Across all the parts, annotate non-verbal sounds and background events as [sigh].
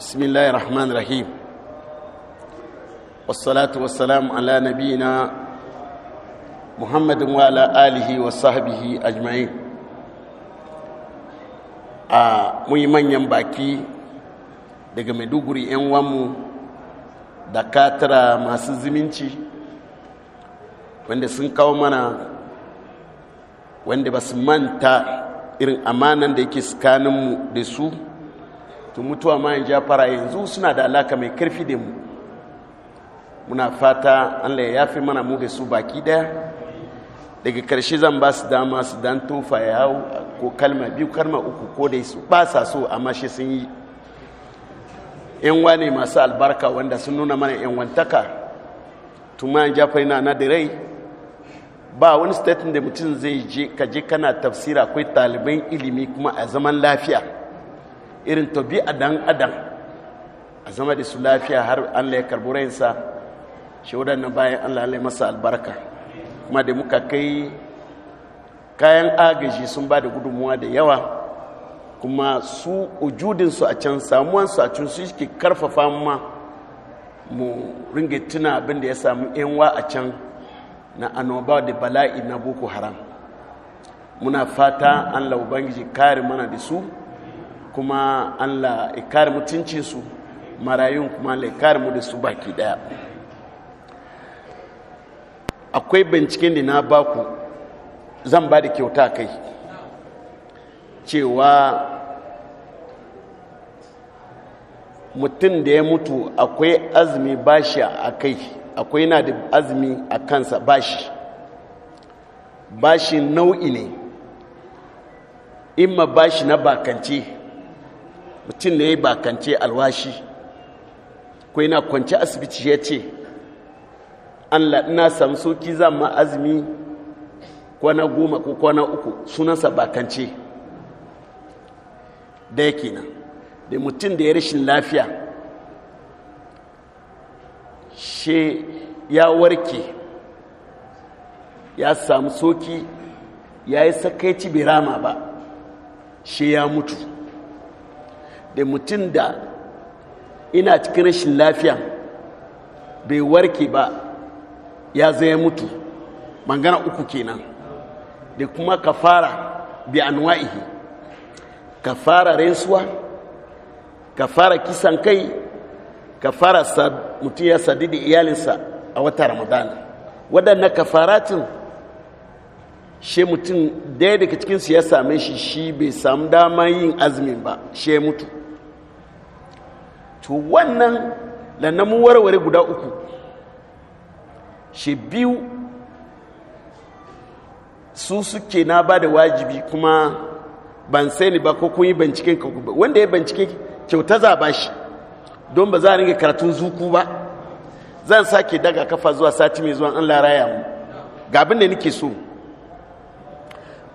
بسم الله الرحمن الرحيم والصلاة والسلام على نبينا محمد وعلى آله وصحبه أجمعين a manyan baki daga maiduguri 'yan wamu da katara masu zumunci wanda sun kawo mana wanda ba su manta irin amanan da yake tsakaninmu da su Tu mutuwa ma jafara yanzu suna da alaka mai karfi da mu muna fata allah ya yafe mana mu su baki daya daga karshe zan ba su dama su dan tofa ya hau ko kalma biyu kalma uku ko dai su ba so amma shi sun yi yan wane masu albarka wanda sun nuna mana yan wantaka tuma jafara yana na da rai ba wani statin da mutum zai je kaje kana tafsira akwai ɗaliban ilimi kuma a zaman lafiya irin tabi'a dan adam a zama da su lafiya har allah ya karbi rainsa shi waɗannan bayan allah lalai masa albarka kuma da muka kai kayan agaji sun ba da gudunmuwa da yawa kuma su ujudinsu a can samuwansu a can su ke karfafa ma mu ringe tuna abin da ya samu yanwa a can na annoba da bala'i na boko haram muna fata an laubangiji kare mana da su kuma an allah ikari su marayun kuma allah ikari mu da su baki daya akwai binciken da na baku zan ba da kyauta kai cewa mutum da ya mutu akwai azumi bashi a kai akwai na da azumi a kansa bashi bashi nau'i ne imma bashi na bakance mutum da ya bakance alwashi ko yana kwanci asibiti ya ce allah ina samu soki zan ma azumi kwana goma ko kwana uku sunansa bakance da yake nan da mutum da ya rashin lafiya she ya warke ya samu soki ya yi sakaici bai ba she ya mutu da mutum da ina cikin rashin lafiya bai warke ba ya zai mutu mangana uku kenan da kuma kafara bi anwa'ihi kafara rensuwa kafara kisan kai kafara mutum ya sadi da iyalinsa a wata ramadana waɗannan kafaratin shi mutum daya daga cikinsu ya same shi shi bai samu dama yin azumin ba shi ya mutu to wannan mu warware guda uku shi biyu su suke na ba da wajibi kuma ban sani ba ko kun yi binciken ba wanda ya bincike kyauta za ba shi don ba za a ringa karatun zuku ba zan sake daga kafa zuwa sati mai zuwa an laraya mu ga abin da nake so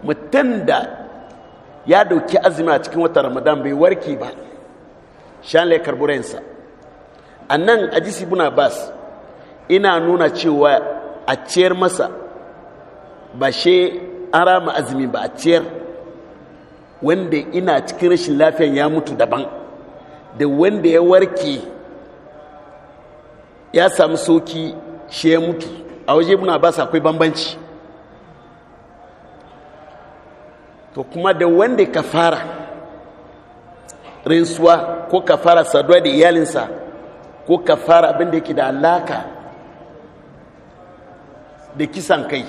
mutum da ya dauki azumi a cikin wata ramadan bai warke ba shan le karburensa a nan a jisi buna bas ina nuna cewa a ciyar masa ba she an rama azumi ba a ciyar wanda ina cikin rashin lafiyan ya mutu daban da wanda ya warke ya samu soki shi ya mutu a waje buna bas akwai bambanci to kuma da wanda ka fara rinsuwa ko ka fara saduwa da iyalinsa ko kafara abin da yake da alaka da kisan kai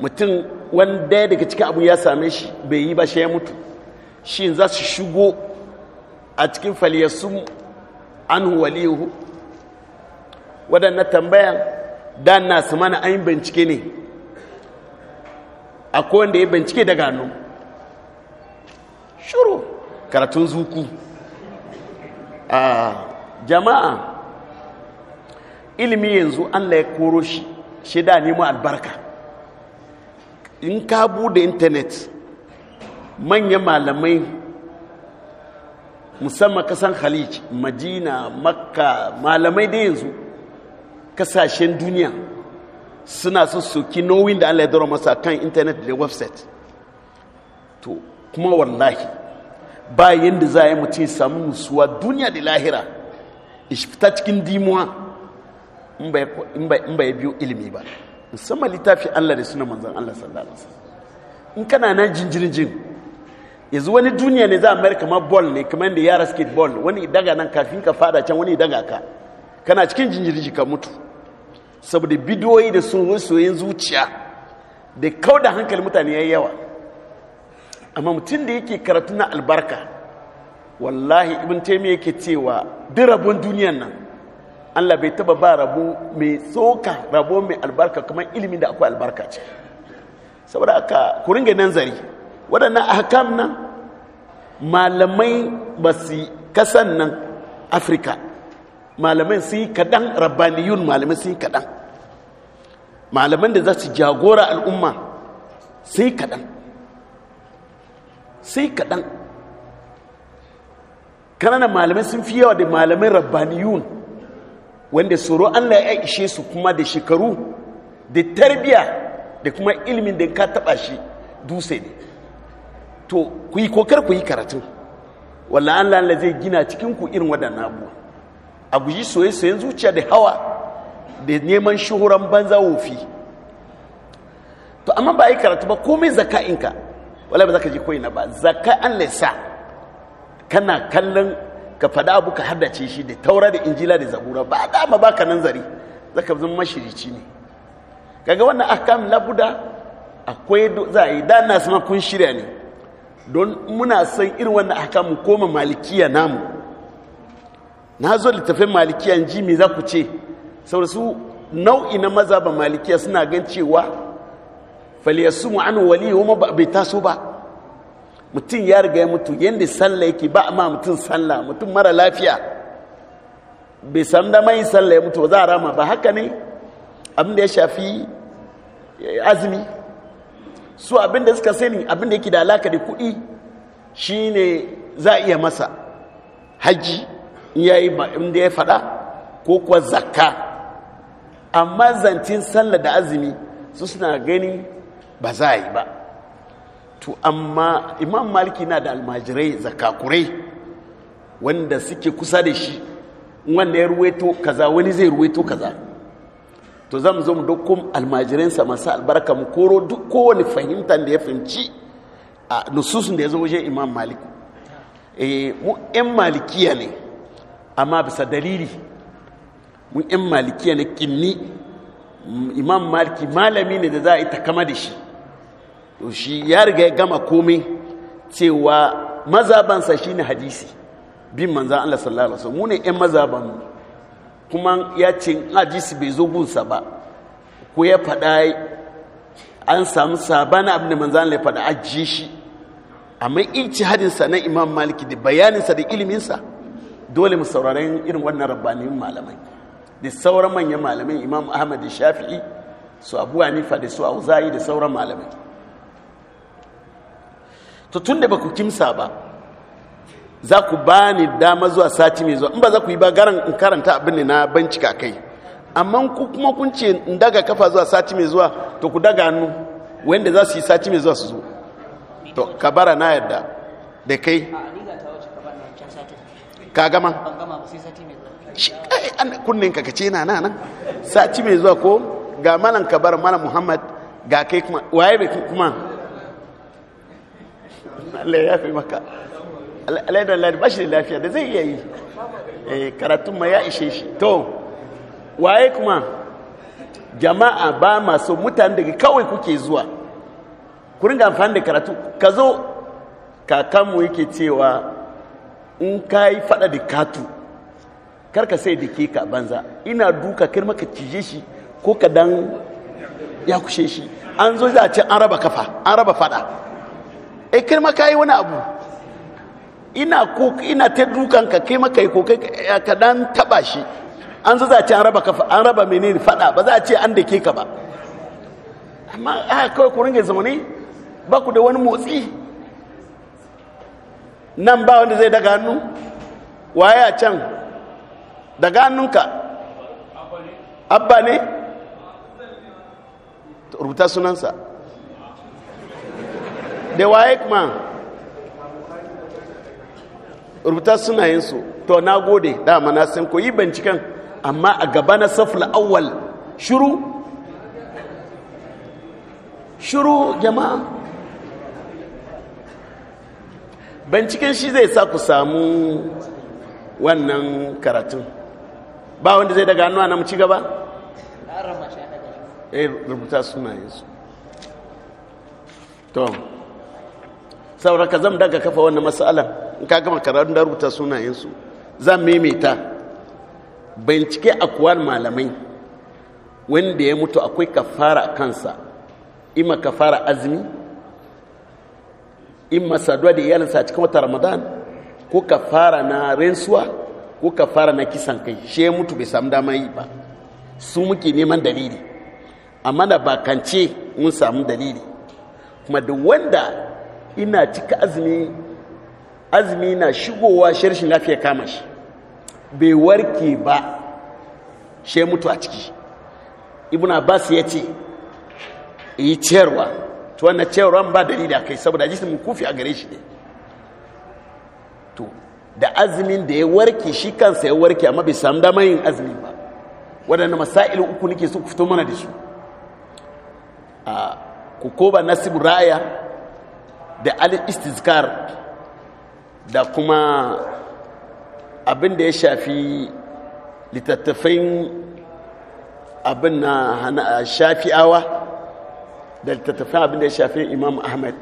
mutum wani daya daga cikin abu ya same shi bai yi ba shi ya mutu shi za su shigo a cikin falyasun anhu waliyuhu waɗannan tambayan dan na su mana an yi bincike ne a kowanda ya bincike daga hannu shuru karatun zuku a jama'a ilimi yanzu allah ya koro shi shi da nemo albarka in ka bude intanet manyan malamai musamman kasan khalij majina makka malamai da yanzu kasashen duniya suna son soki nauyin da allah ya dora masa kan intanet da website to kuma wallahi ba yadda za a yi mutum samun musuwa duniya da lahira ta cikin dimuwa in ba ya biyo ilimi ba musamman littafi allah da suna manzan allah sallallahu alaihi in kana na jinjirjin yanzu wani duniya ne za a mayar kamar ball ne kamar da yara skate ball wani daga nan kafin ka fada can wani daga ka kana cikin jinjirji ka mutu saboda bidiyoyi da sun zuciya da kau da hankali mutane ya yawa amma mutum da yake karatu na albarka wallahi ibn taimiyya yake cewa duk rabon duniyan nan allah bai taba ba rabo mai tsoka rabo mai albarka kamar ilimi da akwai albarka ce saboda aka ku nan nazari waɗannan ahkam nan malamai ba su kasan nan afirka malamai su yi kaɗan rabbaniyun malamai su yi kaɗan malaman da za su jagora al'umma sai kaɗan sai kaɗan ƙananan malamai sun fi yawa da malamai rabbaniyun wanda tsoro allah ya ishe su kuma da shekaru da tarbiya da kuma ilimin da ka taɓa shi dutse ne to ku yi kokar ku yi karatu wallah allah allah zai gina cikinku irin waɗannan abuwa a guji soye-soyen zuciya da hawa da neman shuhuran banza wofi to amma ba a yi karatu ba komai zaka'inka wala ba za ka ji koyi na ba zaka an laisa kana kallon ka faɗa abu ka haddace shi da taura da injila da zabura ba dama ba ka nan zari za ka zama mashirici ne kaga wannan ahkam labuda akwai za a yi da na sama kun shirya ne don muna san irin wannan ahkam koma malikiya namu na zo littafin malikiya ji me za ku ce sau su nau'i na maza ba malikiya suna gan cewa falyasu mu an wali ba bai taso ba mutum ya riga ya mutu yadda sallah yake ba ma mutum sallah mutum mara lafiya bai san da mai sallah ya mutu za a rama ba haka ne abin da ya shafi eh, azumi su abin da suka sani abin da yake da alaka da kuɗi shine za a iya masa haji ya yi da ya faɗa ko kuwa zakka amma zancin sallah da azumi su suna gani ba za a yi ba to amma imam maliki na da almajirai zakakurai wanda suke kusa da shi wanda ya ruweto kaza wani zai ruweto kaza to zan zo mu dokon almajiransa masu albarka mu koro duk kowane fahimtar da ya fahimci a nususun da ya zo wajen imam maliku eh, mu yan malikiya ne amma bisa dalili mu yan malikiya ne kinni imam maliki malami ne da za a yi takama da shi shi ya riga ya gama komai cewa mazabansa ne hadisi bin manzan Allah sallallahu alaihi wasallam mu ne mazaban kuma ya ce hadisi bai zo gunsa ba ko ya faɗa an samu sabana abin da manzan Allah ya faɗa ajiye shi amma hadinsa na Imam Maliki da bayaninsa da iliminsa dole mu sauraren irin wannan rabbanin malamai da sauran manyan malamai Imam Ahmad da Shafi'i su Abu Hanifa da su auzayi da sauran malamai to tun da ba ku kimsa ba za ku ba ni dama zuwa sati mai zuwa in ba za ku yi ba garan in karanta abin ne na bincika kai amma ku kuma kun ce in daga kafa zuwa sati mai zuwa to ku daga hannu wanda za su yi sati mai zuwa su zo to ka bara na yadda, da kai ka gama kunnen ka kace na nan sati mai zuwa ko ga malam kabar malam muhammad ga kai kuma waye kuma Allah ya fi maka alaidan ladi da lafiya da zai iya yi eh, karatun ma ya ishe shi to waye kuma jama'a ba masu mutane daga kawai kuke zuwa ku ringa amfani da karatu ka zo kakanmu yake cewa in ka yi fada da katu karka sai da ke ka banza ina duka kar maka cije shi ko ka dan ya kushe shi an zo za a ce an raba kafa an raba fada ai eh, kai ma kai wani abu ina ko ina ta dukan ka kai ma kai ko kai ka dan eh, taba shi an za ci an raba kafa an raba menene fada ba za a ce an dake ka ba amma a ah, kawai ku ringe zamani ba ku da wani motsi nan ba wanda zai daga hannu waye a can daga hannunka abba ne rubuta sunansa da waye kuma rubuta su to na gode dama na san ko yi binciken amma a gaba na safla awwal shuru shuru jama'a binciken shi zai sa ku samu wannan karatun ba wanda zai daga hannuwa na mu ci gaba? Eh, rubuta sunayensu to Sauraka zan daga kafa wannan matsala in ka gama karatun da rubuta sunayensu zan maimaita bincike kuwan malamai wanda ya mutu akwai kafara kansa ima kafara azumi in masaduwa da iyalinsa a cikin wata ramadan ko kafara na rensuwa ko kafara na kisan kai shi ya mutu bai samu dama yi ba su muke neman dalili amma da bakance mun samu dalili kuma da wanda ina cika azumi azumi na shigowa shirshin lafiya kama shi bai warke ba shi mutu a ciki ba su ya ce yi ciyarwa to wannan ciyarwa ba dalili a kai saboda jisim kufi a gare shi ne to da azumin da ya warke shi kansa ya warke amma bai samu damar yin azumi ba waɗanda masailu uku nake so ku fito mana da su a ku koba nasibu ra'aya da al’istiskar da kuma abin da ya shafi littattafin abin na shafi'awa da littattafin abin da ya shafi imam ahmad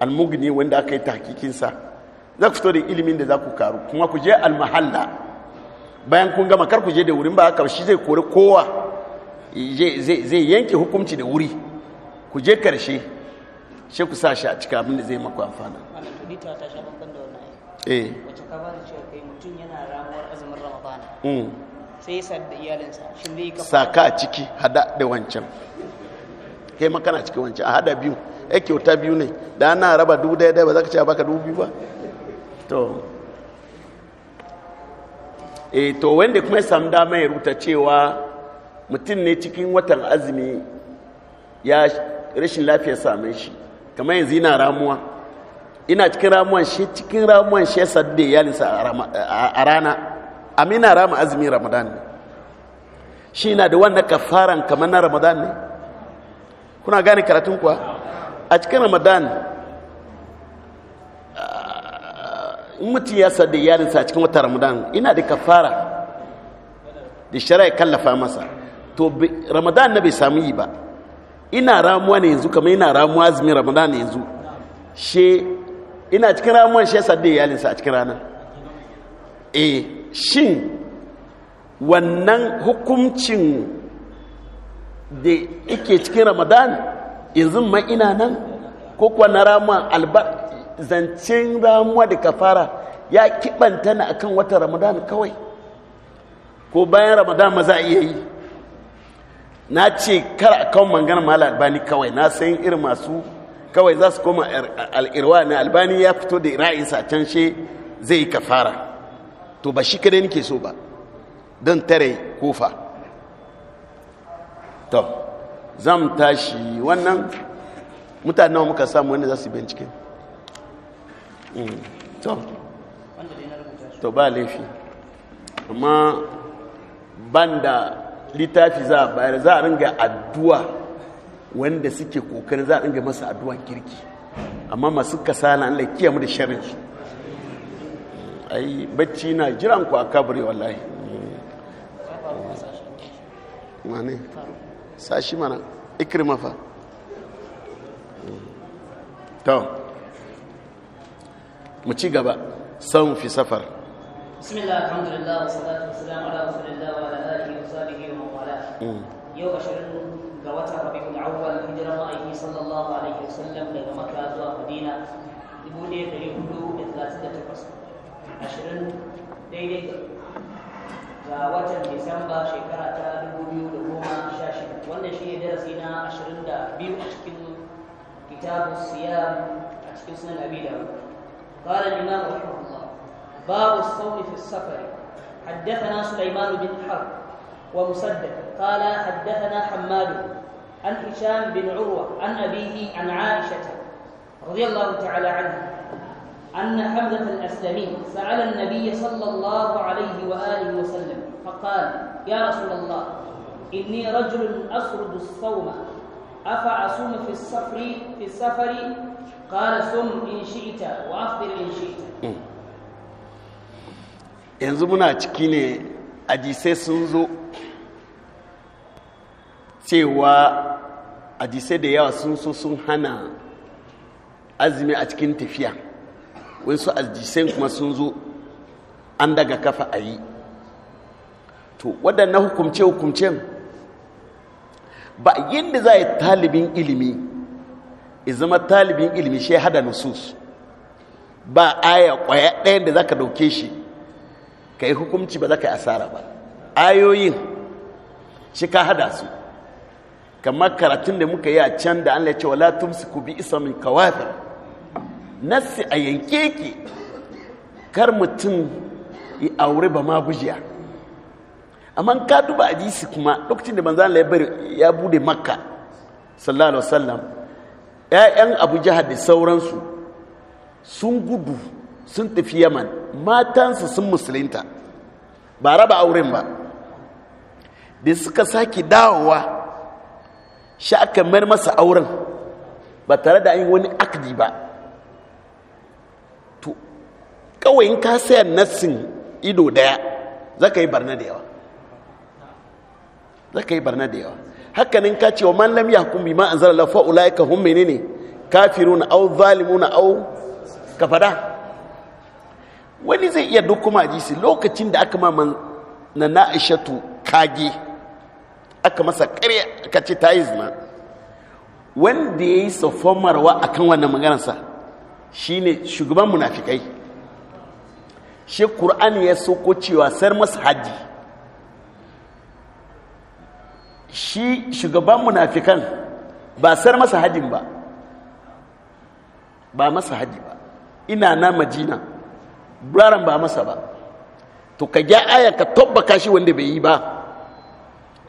almugni wanda aka yi tahkikinsa za ku fito da ilimin da za ku karu kuma ku je almahalla bayan kun gama kar ku je da wurin ba haka shi zai kori kowa zai yanke hukunci da wuri ku je karshe shi ku sa shi a cika abin da zai maku amfana eh wace ka cewa kai mutum yana ramuwar azumin ramadana mm. sai ya sadda iyalinsa shin zai kafa saka a ciki hada da wancan kai makana ciki wancan a hada biyu ai kyauta biyu ne da ana raba dubu daya daya ba za ka ce a baka dubu biyu ba to e to wanda kuma sam dama ya ruta cewa mutum ne cikin watan azumi ya rashin lafiya same shi kamar yanzu ina ramuwa ina cikin ramuwan shi cikin ramuwan shi yasa da iyalinsa a rana amina rama azumi ramadan ne shi na da wannan kafaran kamar na ramadan ne kuna gane karatun kuwa a cikin ramadan ah, in mutum ya sadda iyalinsa a cikin wata ramadan ina da kafara da shari'a kallafa masa to ramadan na bai samu yi ba ina ramuwa ne yanzu kamar ina ramuwa azumin ramadan ne yanzu she ina cikin ramuwan shi yasa da iyalinsa a cikin rana E, eh, shin wannan hukuncin da ike cikin ramadan yanzu ma ina nan ko kuwa na ramuwa albar zancen ramuwa da kafara ya kibanta na akan watan ramadan kawai ko bayan ramadan ma za a iya yi na ce kar a kan mangana mala albani kawai na san irin masu kawai za su koma al'irwa na albani ya fito da ra'ayinsa can she zai kafara to ba shi kadai nike so ba don tare kofa to zan tashi wannan mutanen muka samu wanda za su bincike mm, to to ba laifi amma banda littafi za a bayar za a ringa addu'a wanda suke kokarin za a ringa masa addu'a kirki amma masu kasala an laikiya mu da sharin su ai bacci na jiran ku a kabari wallahi eh. wane sashi mana ikir mafa to mu ci gaba san fi safar بسم الله الحمد لله والصلاة والسلام على رسول ga watan rabi'ul awwal sallallahu alaihi daga makka zuwa madina 1438 ashirin daidai ga watan disamba shekara ta 2016 wannan shi ne darasi na 22 a cikin kitabu siyam a cikin sunan abi dawud qala al-imam باب الصوم في السفر حدثنا سليمان بن حرب ومسدد قال حدثنا حماد عن هشام بن عروة عن أبيه عن عائشة رضي الله تعالى عنها أن حمزة الأسلمي سأل النبي صلى الله عليه وآله وسلم فقال يا رسول الله إني رجل أسرد الصوم أفأصوم في السفر في السفر قال صم إن شئت وأفطر إن شئت yanzu muna ciki ne hadisai sun zo cewa hadisai da yawa sun so sun hana azumi a cikin tafiya wasu hadisai kuma sun zo an daga kafa a yi to waɗannan hukumce-hukumcen ba yadda za a yi talibin ilimi ya zama talibin ilimi shi hada nusus ba aya ƙwaya ɗayan da za ka ɗauke shi ka yi hukumci, ba za ka yi asara ba ayoyin shi ka hada su kamar karatun da muka yi a can da an ya latin su kubi bi isamin kawata. nassi a yanke ke kar mutum yi aure ba ma bujiya amma ka duba jisi kuma lokacin da manzan labar ya bari bude makka sallallahu alaihi wasallam yan abu jihar da sauransu sun gudu sun tafi yaman matansu sun musulinta ba raba auren ba da suka sake dawowa shi aka mayar masa auren ba tare da yi wani akdi ba to kawai in ka saya nassin ido daya za ka yi barna da yawa za ka yi barna da yawa hakanin ka ce wa ya lam yahkum bima zara lafa ulaika hum menene au zalimu zalimuna au kafada wani zai iya duk kuma hadisi lokacin da aka maman na na'ishatu kage aka masa karya aka ce ta yi zina wanda ya yi safamarwa a kan wannan maganarsa shi ne shugaban munafikai shi ƙur'ani ya soko cewa sar masa hajji, shi shugaban munafikan ba sar masa hajji ba ba masa hajji ba ina na majina buraran ba masa ba to ka gya aya ka tabbaka shi wanda bai yi ba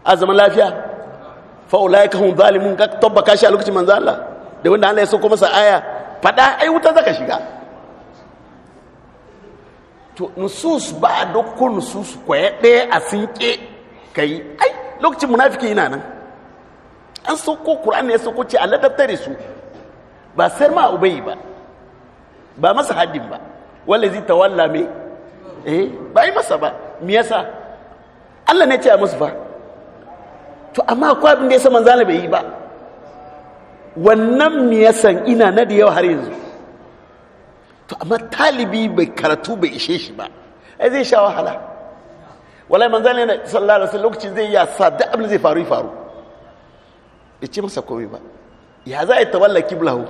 a zaman lafiya fa'ula ya kahun zalimun ka tabbaka shi a lokacin manzo Allah da wanda Allah ya sauko masa aya fada ai wuta zaka shiga to nusus ba a dokko nusus ya ɗaya a sinke kai ai lokacin munafiki yana nan an sauko ƙur'an ne ya sauko ce a ladabtare su ba sai ma ubayi ba ba masa haddin ba wallazi tawalla me eh bai masa ba me yasa Allah ne ce musu fa to amma akwai abin da yasa manzala bai yi ba wannan me yasan ina na da yau har yanzu to amma talibi bai karatu bai ishe shi ba ai zai sha wahala wallahi manzala ne sallallahu alaihi wasallam lokacin zai ya sa da abin zai faru faru ya ce masa komai ba ya za a yi tawalla kiblahu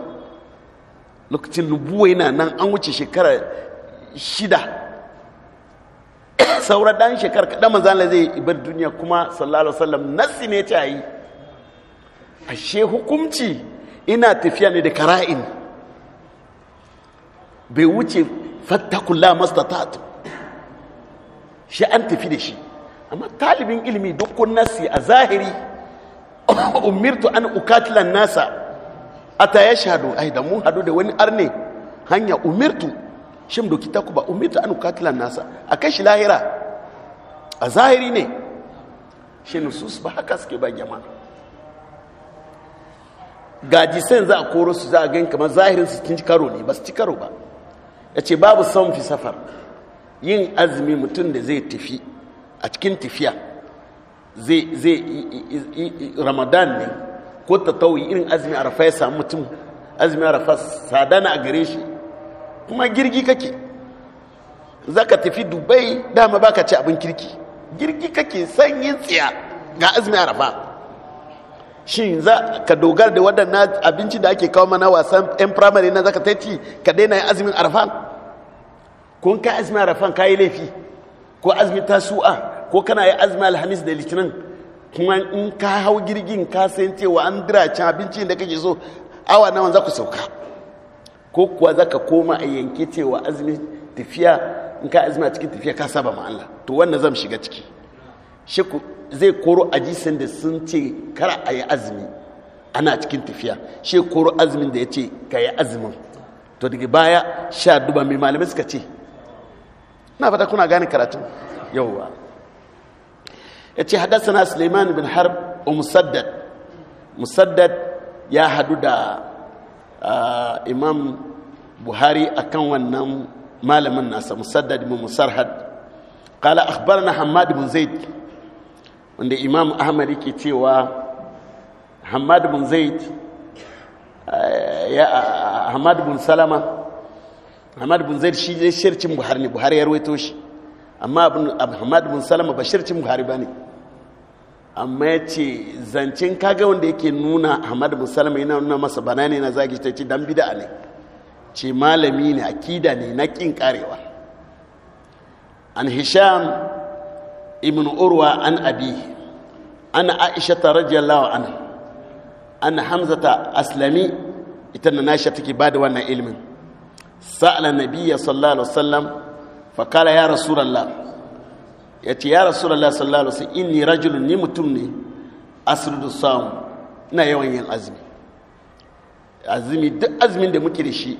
lokacin nubuwa yana nan an wuce shekara shida saura ɗan shekar kaɗan manzana zai ibar duniya kuma sallallahu sallam nassi ne ta yi ashe hukumci ina tafiya ne da kara'in bai wuce fattakulla mastatatu shi an tafi da shi amma talibin ilimi dukkan nassi a zahiri umirtu an ukatilan nasa a ata ya shahadu a da mu haɗu da wani arne hanya umirtu shim doki ku ba umirta an katilan nasa a kai shi lahira a zahiri ne shi nusus ba haka suke ba gyama gaji sai za a koro su za a gan kamar zahirin su cin karo ne ba su ci karo ba ya ce babu son fi safar yin azumi mutum da zai tafi a cikin tafiya zai zai ramadan ne ko ta tauyi irin azumi a rafa ya samu mutum azumi a rafa sadana a gare shi kuma girgi kake za ka tafi dubai dama ba ka ci abin kirki girgi kake sanyin tsiya ga azumi arafa shi za ka dogara da waɗannan abinci da ake kawo mana wasan yan firamare na zaka taiti ka daina yi azumin arafa ko ka azumin arafa ka yi laifi ko azumin tasu'a ko kana yi azumin alhamis da litinin kuma in ka hau girgin ka san cewa an dira can abincin da kake so awa nawa za ku sauka ko kuwa za ka koma a yanke cewa azumi tafiya in ka azumi a cikin tafiya ka saba ma Allah to wannan zan shiga ciki shi zai koro ajisin da sun ce kar a yi azumi ana cikin tafiya shi koro azumin da ya ce ka yi azumin to daga baya sha duba mai malamai suka ce na fata kuna gane karatun yauwa ya ce haddasa na suleiman bin harb musaddad musaddad ya hadu da imam buhari akan wannan malamin nasa musaddad bin musarhad qala akhbarana hammad bin zaid wanda imam ahmad yake cewa hammad bin zaid eh, ya hammad bin salama hammad bin zaid shi ne shirkin buhari ne buhari ya rawaito shi amma abin hammad bin salama ba shirkin buhari bane amma ya ce zancen kaga wanda yake nuna hamadu musalma yana nuna masa bana ne na zagi ta ce dan bida ne ce malami ne akida ne na ƙin karewa an hisham ibn urwa an abi an aisha ta rajiyallahu ana, an hamzata aslami ita na nasha take ba da wannan ilimin sa'ala Nabiya sallallahu alaihi wasallam fa kala ya rasulullah ya ce ya rasu sallallahu alaihi wasallam inni rajulun ni mutum ne asrudu samu na yawan yin azumi azumi duk azumin da muke da shi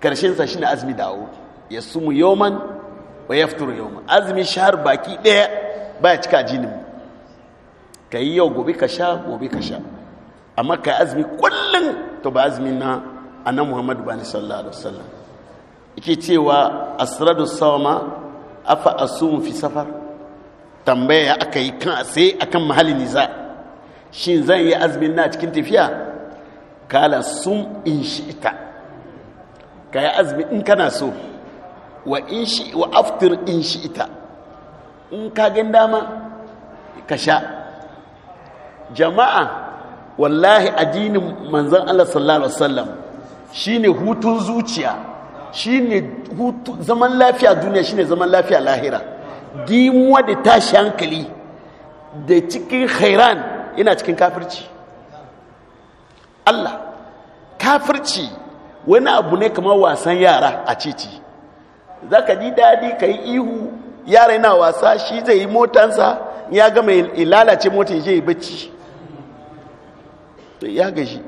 karshen sashi na azumi dawo ya sumu yawman wa yafturu yoman azumi shahar baki daya baya cika jinin ka yi yau gobe ka sha gobe ka sha amma ka azumi kullum to ba azumi na annan muhammadu bani sallallahu alaihi wasallam yake cewa asradu sama afa asum fi safar tambaya aka yi kan sai akan mahalin niza shin zan yi azumin na cikin tafiya kala sum in shi'ita ka yi azumi in kana so wa in shi wa aftir in shi'ita in ka gan dama ka sha jama'a wallahi addinin manzon Allah sallallahu alaihi wasallam shine hutun zuciya shi hutu zaman lafiya duniya shine zaman lafiya lahira dimuwa da tashi hankali da cikin khairan yana cikin kafirci Allah kafirci wani abu ne kamar wasan yara a titi za ka ji daɗi ka yi ihu yara yana wasa shi zai yi motansa ya gama lalace shi ya yi bacci ya gaji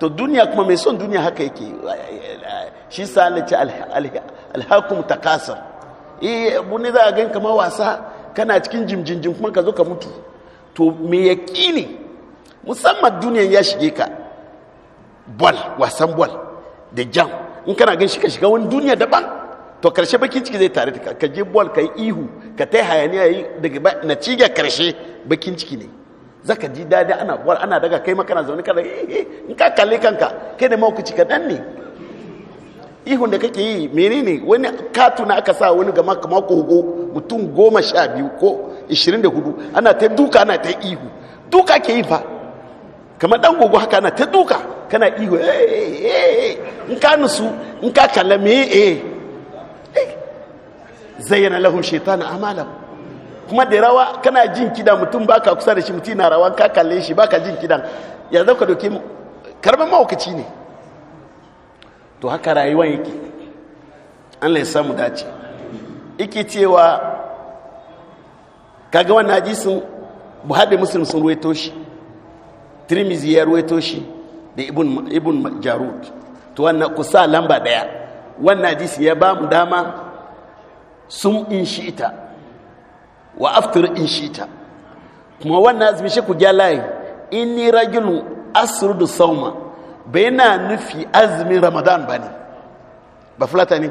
to duniya kuma mai son duniya haka yake shi salace alhakum takasar eh bune ne za a gan kama wasa kana cikin jimjinjin kuma ka zo ka mutu to me ya ne musamman duniyan ya shige ka bol wasan bol da jam in kana gan shi ka shiga wani duniya daban to karshe bakin ciki zai tare da ka je bol ka yi ihu ka ta hayaniya yi daga na ciga karshe bakin ciki ne zaka ji dadi ana war ana daga kai maka na zaune kana eh, eh, in ka kalle kanka kai da maukaci ka dan ne ihun da kake yi menene wani katuna aka sa wani ga maka mako hugo mutum goma sha biyu ko ishirin da hudu ana ta duka ana ta ihu duka ke yi fa kamar dan gogo haka ana ta duka kana ihu eh, in ka nusu in ka kalla me eh zayyana lahum shaitan amalahu kuma da rawa kana jin kida mutum baka kusa da shi mutum na rawa ka kalle shi baka jin kidan ya zaka doke karban mawakaci ne to haka rayuwa yake an lai samu dace yake cewa kaga wannan hadisin Buhari Muslim sun ruwaito shi Tirmidhi ya ruwaito shi da Ibn Ibn Jarud to wannan kusa lamba daya wannan hadisi ya ba mu dama sun in shi ita wa aftar in shita kuma wannan azumi shi ku in ni ragilu asir da sauma bai na nufi azumin ramadan ba ne ba fulata ne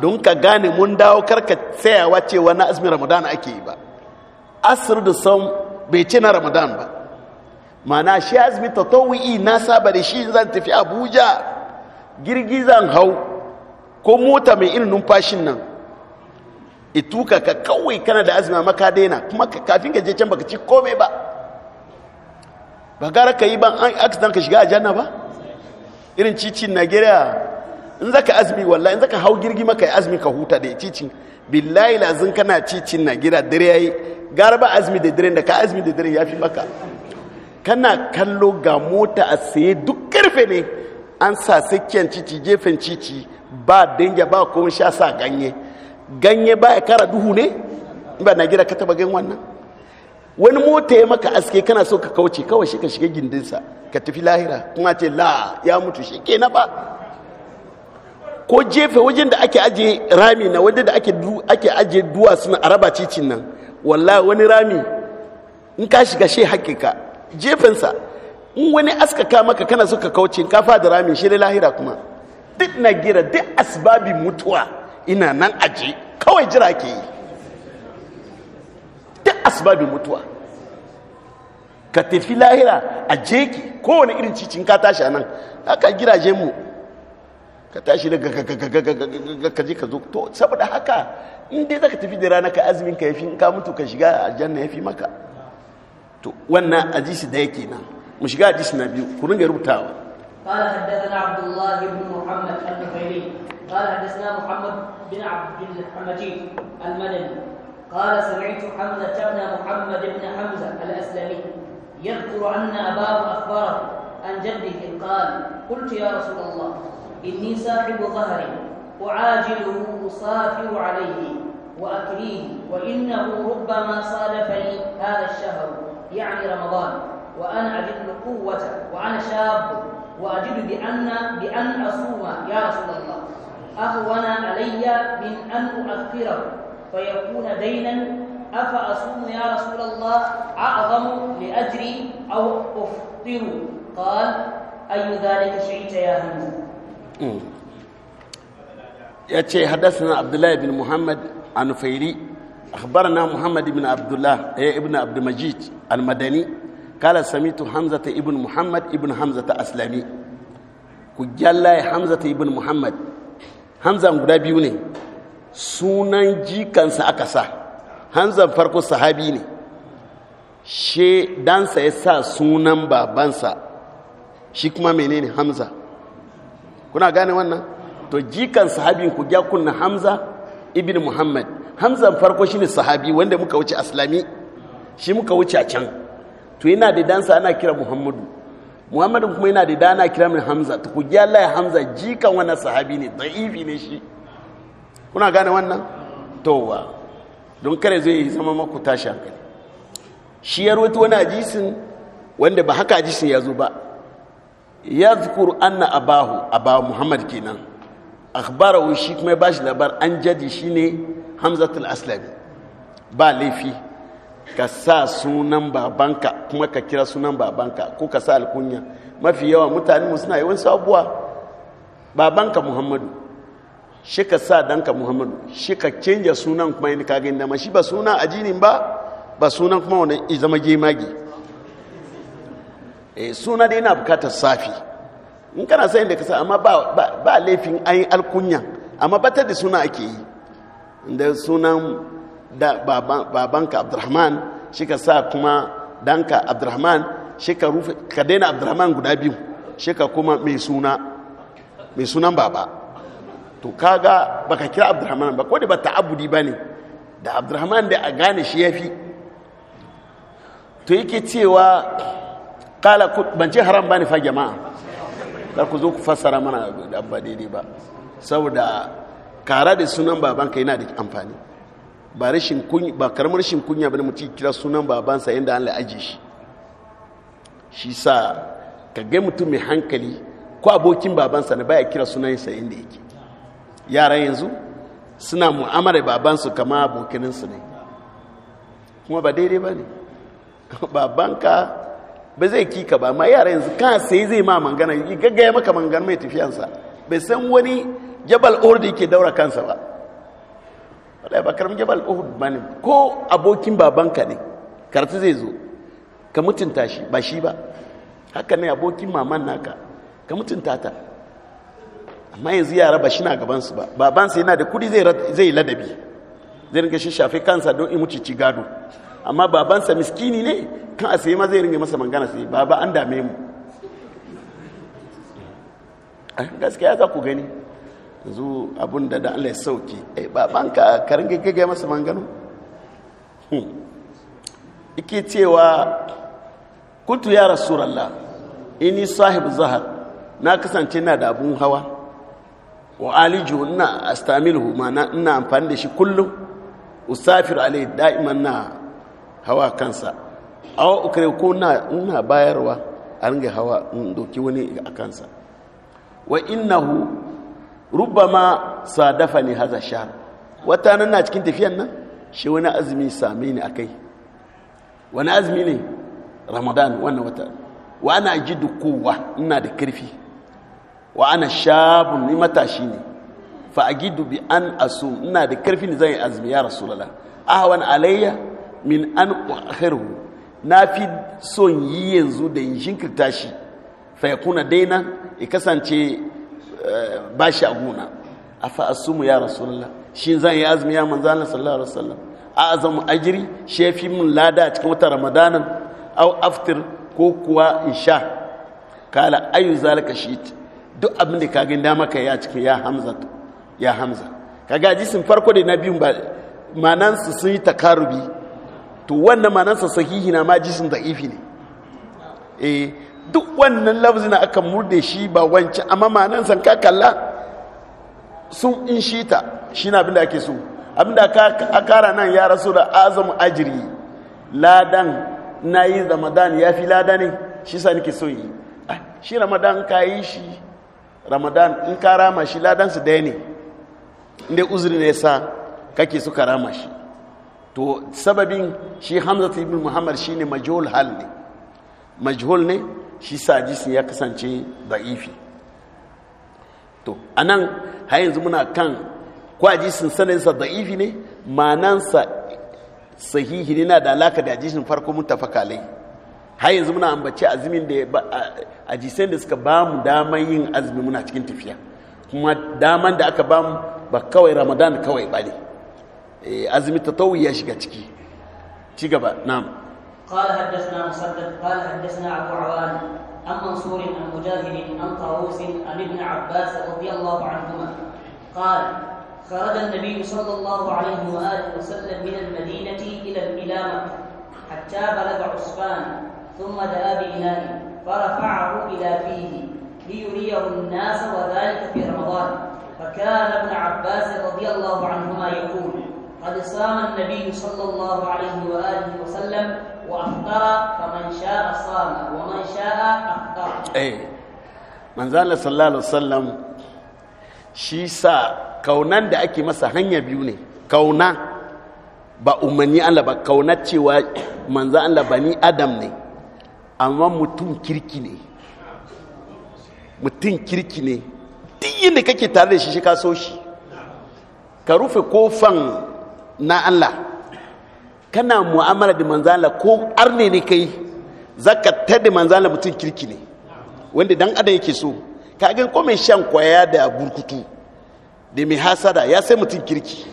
don ka gane mun dawo karka tsayawa ce wani azumin ramadan ake yi ba asir da saum bai ce na ramadan ba mana shi azumin tattawi'i na saba da shi zan tafi abuja girgizan hau ko mota mai irin numfashin nan ituka ka kawai kana da azumi amma ka daina kuma kafin ka je can baka ci komai ba ba gara ka yi ba an accident ka shiga aljanna ba irin cicin Najeriya in zaka azumi wallahi in zaka hau girgi maka yi azumi ka huta da cicin billahi lazin kana cicin Najeriya dare yayi gara ba azumi da dare da ka azumi da dare yafi maka kana kallo ga mota a saye duk karfe ne an sa sakiyan cici gefen cici ba danja ba ko sha sa ganye ganye ya kara duhu ne ba na gida ka taba gan wannan wani mota ya maka aske kana so ka kauce kawai shi ka shiga gindinsa ka tafi lahira kuma ce la ya mutu shi ke na ba ko jefe wajen da ake aje rami na wajen da ake ake aje duwa suna araba cicin nan wallahi wani rami in ka shiga shi hakika jefensa in wani askaka maka kana so ka kauce ka fada rami shi lahira kuma duk na gira duk asbabin mutuwa ina nan aji kawai jira ke yi duk asibabin mutuwa ka tafi lahira a jeki kowane irin cicin ka tashi a nan haka girajen mu ka tashi daga ka je ka zo to saboda haka inda za ka tafi da rana ka azumin ka yafi in ka mutu ka shiga a aljanna yafi maka to wannan hadisi da yake nan mu shiga hadisi na biyu ku ringa rubutawa قال حدثنا عبد الله بن محمد النفيلي قال حدثنا محمد بن عبد الحمدي المدني قال سمعت حمزة بن محمد بن حمزة الأسلمي يذكر أن أباه أخبره عن جده قال قلت يا رسول الله إني صاحب ظهري أعاجله أصافر عليه وأكريه وإنه ربما صادفني هذا الشهر يعني رمضان وأنا أجد قوة وأنا شاب وأجد بأن بأن أصوم يا رسول الله أهون علي من أن أؤخره فيكون دينا أفأصوم يا رسول الله أعظم لأجري أو أفطر قال أي ذلك شئت يا يا يأتي حدثنا عبد الله بن محمد عن فيري أخبرنا محمد بن عبد الله أي ابن عبد المجيد المدني قال سميت حمزة ابن محمد ابن حمزة أسلمي كجلا حمزة ابن محمد hamzan guda biyu ne sunan jikansa aka sa hamzan farko sahabi ne she dansa ya sa sunan babansa shi kuma menene hamza kuna gane wannan to jikan sahabin ku gya kunna hamza ibn muhammad hamzan farko shine sahabi wanda muka wuce aslami shi muka wuce a can to yana da dansa ana kira muhammadu muhammadin kuma yana da dana kira min hamza ta ku gyalla ya hamza jikan wani sahabi ne da'ifi ne shi kuna gane wannan towa don kare zai zama maku tashi hankali shi ya rawaito wani ajisin wanda ba haka ajisin ya zo ba ya zukuru na abahu abahu muhammad kenan akhbarahu shi kuma ya shi labar an jadi shi hamza hamzatul aslami ba laifi ka sa sunan babanka kuma ka kira sunan babanka ko ka sa alkunya mafi yawa mutane mu suna yawan sabuwa babanka muhammadu shi ka sa danka muhammadu shi ka canja sunan kuma yin kagin dama shi ba sunan ajinin ba ba sunan kuma wani zama gemagi eh, suna dai na bukatar safi in kana sayin da kasa amma ba, laifin ayin alkunya amma batar da suna ake yi da sunan da babanka abdurrahman shi ka sa kuma danka abdurrahman shi ka rufe ka daina abdurrahman guda biyu shi ka kuma mai suna sunan baba to kaga baka kira abdurrahman ba ko da ba ta'abudi ba ne da abdurrahman da a gane shi ya fi to yake cewa kala ban ce haram ba ne fa jama'a kar ku zo ku fassara mana da ba daidai ba saboda kara da sunan babanka yana da amfani ba rashin kunya ba karamar rashin kunya bane mutum kira sunan babansa yanda Allah aje shi shi sa ka ga mutum mai hankali ko abokin babansa ne baya kira sunan sunansa yanda yake yaran yanzu suna mu'amala babansu kama abokininsu ne kuma ba daidai ba ne [laughs] babanka ba zai kika ba ma yara yanzu kan sai zai ma mangana gaggaya maka mangana mai tafiyansa bai san wani jabal ordi ke daura kansa ba wallahi ba karamin jabal uhud bane ko abokin babanka ne karatu zai zo ka mutunta shi ba shi ba haka ne abokin maman naka ka mutunta ta amma yanzu yara ba shi na gabansu ba babansa yana da kudi zai ladabi zai rinka shi shafe kansa don in mucici gado amma babansa miskini ne kan a ma zai rinka masa mangana sai baba an dame mu eh, gaskiya za ku gani yanzu abin da da allah ya sauki eh, ka karin gaggaga masa mangano ike hmm. cewa kutu ya rasulullah ini sahib zahar na kasance na da abun hawa wa aliju ina astamilhu ma ina amfani da shi kullum usafir alai da'iman na hawa kansa aw ukre ko na bayarwa a ringa hawa doki wani a kansa wa innahu rubama sadafa ne haza shahar wata nan na cikin tafiyan nan shi wani azumi same ni a kai wani azumi ne ramadan wannan wata wa ana ji kowa ina da karfi wa ana shabun ni matashi ne fa a gidu bi an asu ina da karfi ne zan yi azumi ya rasulala ahawan alayya min an akhiru na fi son yi yanzu da yin shinkirta shi fa ya kuna daina ya kasance bashi a gona afa mu ya rasulullah shi zan yi azumi ya manzan Allah sallallahu alaihi wasallam a azamu ajri shi yafi min lada a cikin wata ramadanan au aftir ko kuwa sha kala ayu zalika shi duk abin da ka gani dama ka ya cikin ya hamza ya hamza kaga hadisin farko da na biyun ba manan su sun yi takarubi to wannan manan sa sahihi na ma jisin da'ifi ne eh duk wannan lafzin aka murde shi ba wancan amma manan san ka kalla sun in shi ta shi na abinda ake so abinda aka kara nan ya rasu da azam ajiri ladan na yi ramadan ya fi lada ne shi sa nake so yi ah, shi ramadan ka yi shi ramadan in ka rama shi ladan su daya ne inda uzuri ne sa kake suka rama shi to sababin shi hamza ibn muhammad shine majhul hal ne majhul ne shi sa hadisin ya kasance da'ifi to a nan yanzu muna kan ko hadisin sanadinsa da'ifi ne manansa sahihi ne na da alaka da hadisin farko mun tafa kalai yanzu muna ambace azumin da hadisan da suka ba mu daman yin azumi muna cikin tafiya kuma daman da aka ba mu ba kawai ramadan kawai ba ne eh, azumi ta ya shiga ciki ci gaba قال حدثنا مسدد قال حدثنا ابو عوان عن منصور عن مجاهد عن طاووس عن ابن عباس رضي الله عنهما قال خرج النبي صلى الله عليه واله وسلم من المدينه الى الى حتى بلغ عصفان ثم دعا بإناء فرفعه إلى فيه ليريه الناس وذلك في رمضان فكان ابن عباس رضي الله عنهما يقول قد صام النبي صلى الله عليه وآله وسلم وأفطر فمن شاء صام ومن شاء أفطر أي من زال صلى الله عليه وسلم shi sa kaunan da ake masa hanya biyu ne kauna ba umarni Allah ba kauna cewa manzo Allah ni adam ne amma mutum kirki ne mutum kirki ne duk yadda kake tare da shi shi ka so shi ka rufe kofan na Allah kana mu'amala da manzala ko arne ne kai zaka ta da manzala mutum kirki ne wanda dan adam yake so kaga ko mai shan kwaya da burkutu da mai hasada ya sai mutum kirki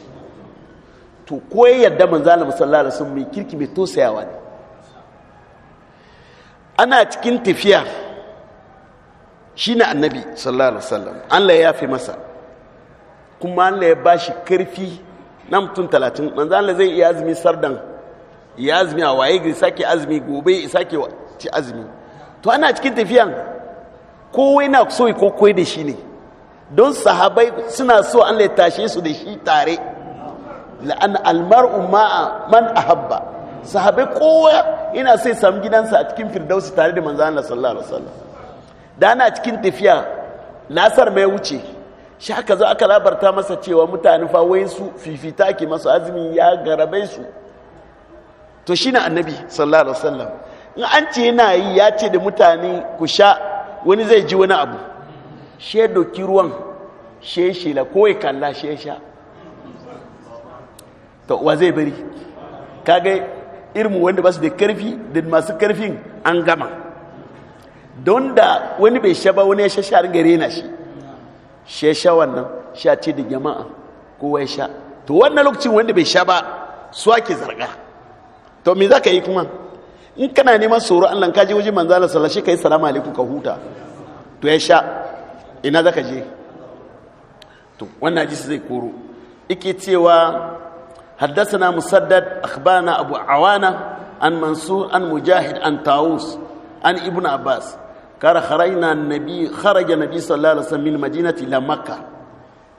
to ko ya yarda manzala musalla da sun mai kirki mai tosayawa ne ana cikin tafiya shine annabi sallallahu alaihi wasallam Allah ya fi masa kuma Allah ya ba shi karfi na mutum talatin manzan Allah zai iya azumi sardan ya azumi a waye gari sake azumi gobe sake ci azumi to ana cikin tafiyan kowai na so ko koi da shi ne don sahabai suna so an ya tashe su da shi tare la'an almar man man habba. sahabai kowa ina sai sami gidansa a cikin firdausu tare da manzan Allah sallallahu alaihi wasallam da ana cikin tafiya lasar mai wuce shi aka zo aka labarta masa cewa mutane fawai su fifita ke masu azumi ya garabe su to shi na annabi sallallahu alaihi wasallam in an ce yana yi ya ce da mutane ku sha wani zai ji wani abu she doki ruwan she shela ko ya kalla she sha to wa zai bari kaga irin wanda ba su da karfi da masu karfin an gama don da wani bai sha ba wani ya sha sha gare na shi shi sha wannan sha ce da jama'a kowa ya sha to wannan lokacin wanda bai sha ba su ake zarga to me za ka yi kuma in kana neman tsoro an ka wajen manzala sallah shi ka yi salamu aliku ka huta to ya sha ina za ka je to wannan hadisi zai koro ike cewa na musaddad akhbana abu awana an mansu an mujahid an taus an ibn abbas. kar kharaina nabi kharaja nabi sallallahu alaihi wasallam min madinati la makka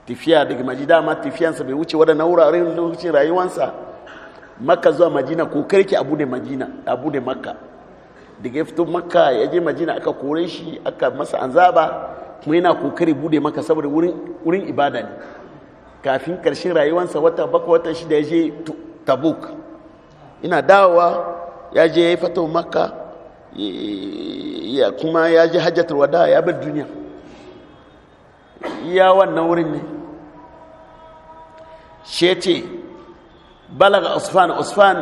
tafiya daga majida ma tafiyansa bai wuce wadana wuraren lokacin rayuwansa makka zuwa madina ko karki abu ne madina abu da makka daga fito makka ya je madina aka kore shi aka masa anzaba kuma yana kokari bude maka saboda wurin wurin ibada ne kafin karshen rayuwansa wata bakwai wata shida ya je tabuk ina dawowa ya je ya yi fato makka ya kuma ya ji hajjatar wada ya bar duniya ya wannan wurin ne shi ce balaga usfan usfan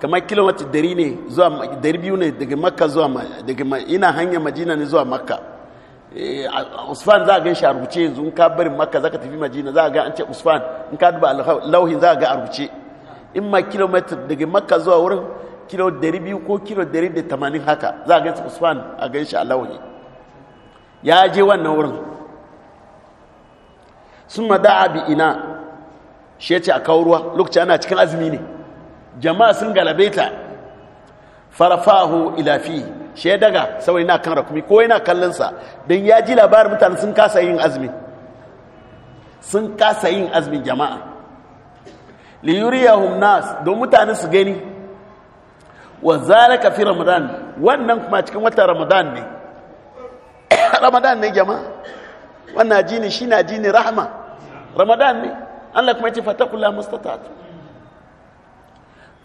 kamar kilomita dari ne zuwa dari biyu ne daga makka zuwa daga ina hanyar majina ne zuwa makka eh, usfan za a gan shi a rubuce yanzu in ka barin makka za ka tafi majina za a ga an ce usfan in ka duba lauhin za a ga a rubuce in ma kilomita daga makka zuwa wurin kilo 200 ko kilo 180 haka za a gaisa usman a gaisa alawani ya je wannan wurin sun mada'a bi ina shi ce a kawo ruwa lokaci ana cikin azumi ne jama'a sun galabaita farafahu ilafi shi ya daga saboda yana kan rakumi ko yana kallonsa don ya ji labarin mutane sun kasa yin azumi sun kasa yin azumin jama'a liyuriyahum nas don mutane su gani wa zalika fi ramadan wannan kuma cikin watan ramadan ne [coughs] ramadan ne jama'a wannan jini shi na jini rahama ramadan ne Allah kuma yace fatakula mustatat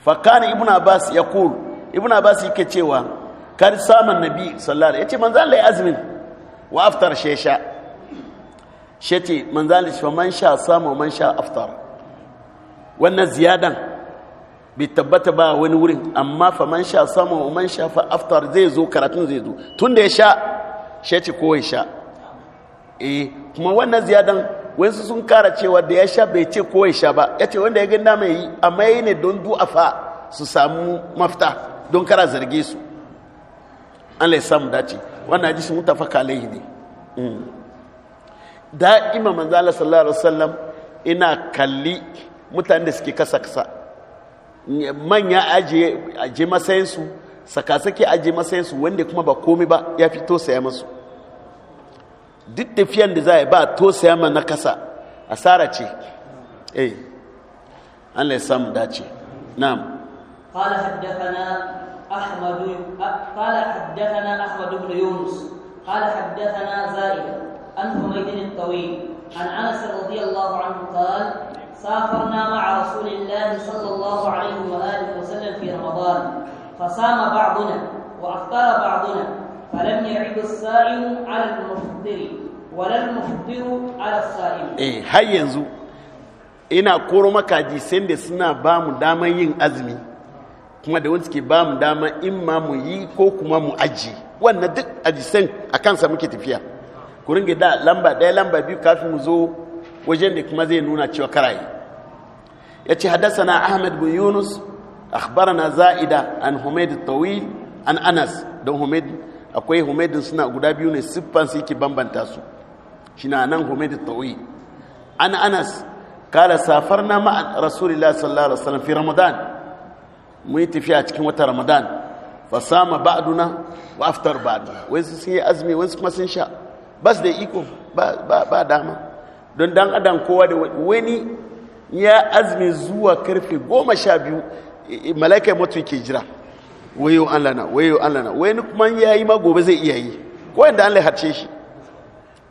fa kana ibnu abbas yaqul ibnu abbas yake cewa kar saman nabi sallallahu alaihi yace manzal Allah ya azmin wa aftar shesha shete manzal shi man sha sama man sha aftar wannan ziyadan bi tabbata ba wani wurin amma fa man sha sama wa man sha fa aftar zai zo karatun zai zo tun da ya sha shi ce kowai sha eh kuma wannan ziyadan wasu sun kara cewa da ya sha bai ce kowai sha ba ya ce wanda ya ganda mai yi amma yi ne don du'afa su samu mafita don kara zarge su Allah ya samu dace wannan hadisi mutafaka alaihi ne mm. da imam manzo Allah sallallahu alaihi wasallam ina kalli mutanen da suke kasa kasa manya aje matsayinsu sakasake aje masayinsu wanda kuma ba komi ba ya fi tosaya masu duk tafiyan da za a yi ba tosaya ma na kasa asara ce eh an lai samu dace na'am mu. حدثنا أحمد قال حدثنا أحمد بن يونس قال حدثنا زائد عن حميد الطويل عن أنس رضي الله عنه قال سافرنا مع رسول الله صلى الله عليه وآله وسلم في رمضان فصام بعضنا وأفطر بعضنا فلم يعد السائم على المفطر ولا المفطر على السائم إيه هاي ينزو إنا koro maka hadisan da suna ba mu daman yin kuma da wani suke ba mu dama in ma mu yi ko kuma mu aji wannan duk hadisan a kansa muke tafiya ku ringa da lamba ɗaya lamba biyu kafin mu zo wajen da kuma zai nuna cewa karayi ya ce na ahmad bin yunus akhbarana za'ida an humaid tawil an anas don humaid akwai humaidin suna guda biyu ne siffan su yake bambanta su shi na nan humaid tawil an anas kala safarna sallallahu alaihi wasallam fi ramadan mu yi tafiya cikin wata ramadan fa sama ba'duna wa aftar wai sun yi azumi wai kuma sun sha bas da iko ba dama don dan adam kowa da wani ya azumi zuwa karfe goma sha biyu mala'ikai mutu ke jira wayo an lana wayo an lana wani kuma ya yi ma gobe zai iya yi ko yanda an ya harce shi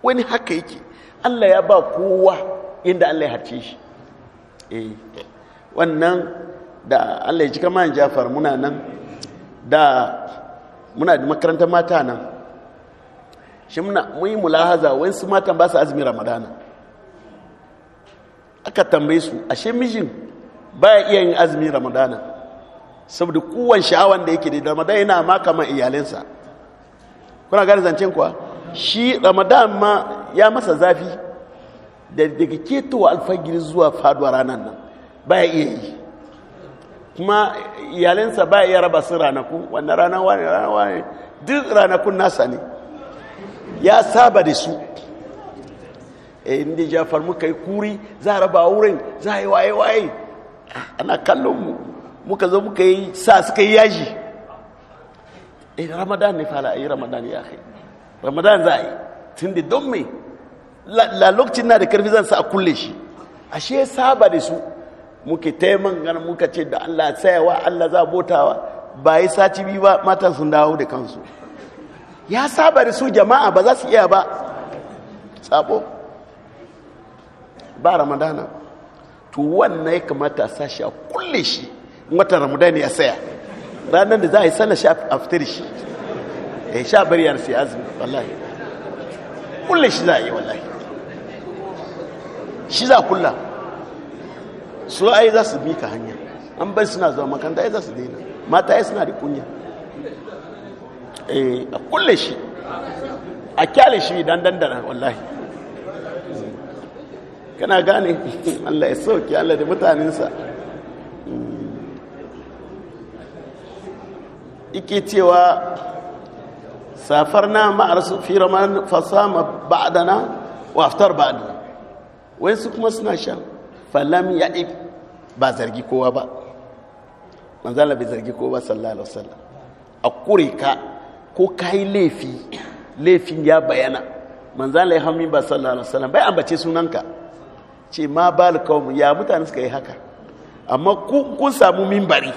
wani haka yake allah ya ba kowa yadda allah ya harce shi eh wannan da allah ya cika man jafar muna nan da muna da makarantar mata nan shi muna mun yi mulahaza wani su matan ba su azumi ramadana aka tambaye su ashe mijin baya iya yin azumi ramadana saboda kowan sha'awan da yake da ramadan yana ma kama iyalinsa kuna gani zancen kuwa shi ramadan ma ya masa zafi daga ketowa alfagiri zuwa faduwa ranar nan baya iya yi kuma iyalinsa baya iya raba su ranaku wanda ranar wane ranar wane duk ranakun nasa ne ya saba da su Eh, inda jafar muka yi kuri za a raba wurin za a yi waye-waye ana kallon mu muka zo muka yi sa suka yi yaji eh ramadan ne fara yi ramadan ya kai ramadan za a yi tun da don mai la na da karfi zan sa a kulle shi ashe ya saba da su muka taimaka, gana muka ce da allah tsayawa allah za a botawa ba yi sati biyu ba matan sun dawo da kansu ya saba da su jama'a ba za su iya ba sabo ba ramadana to wannan ya kamata a shi a kulle shi watan ramadana ya saya ranar da za a yi sallar shi a fitar shi ya eh, sha bari yana sai azumi wallahi kulle shi za a yi wallahi shi za a kulla su ai za su bi ka hanya an bai suna zuwa makanta ya za su daina mata ya suna rikunya kunya eh, a kulle shi a kyale shi dan dandana wallahi kana gane [laughs] Allah ya sauki Allah da mutanensa ike cewa safar na ma'arsu fi raman fasama ba'dana wa aftar ba'dana wai su kuma suna shan falam ya ba zargi kowa ba manzala bai zargi kowa sallallahu alaihi a kure ka ko kai laifi laifin ya bayana manzala ya hami ba sallallahu alaihi wasallam bai ambace sunanka ce ma bal kawun ya mutane suka yi haka amma kun samu mimbari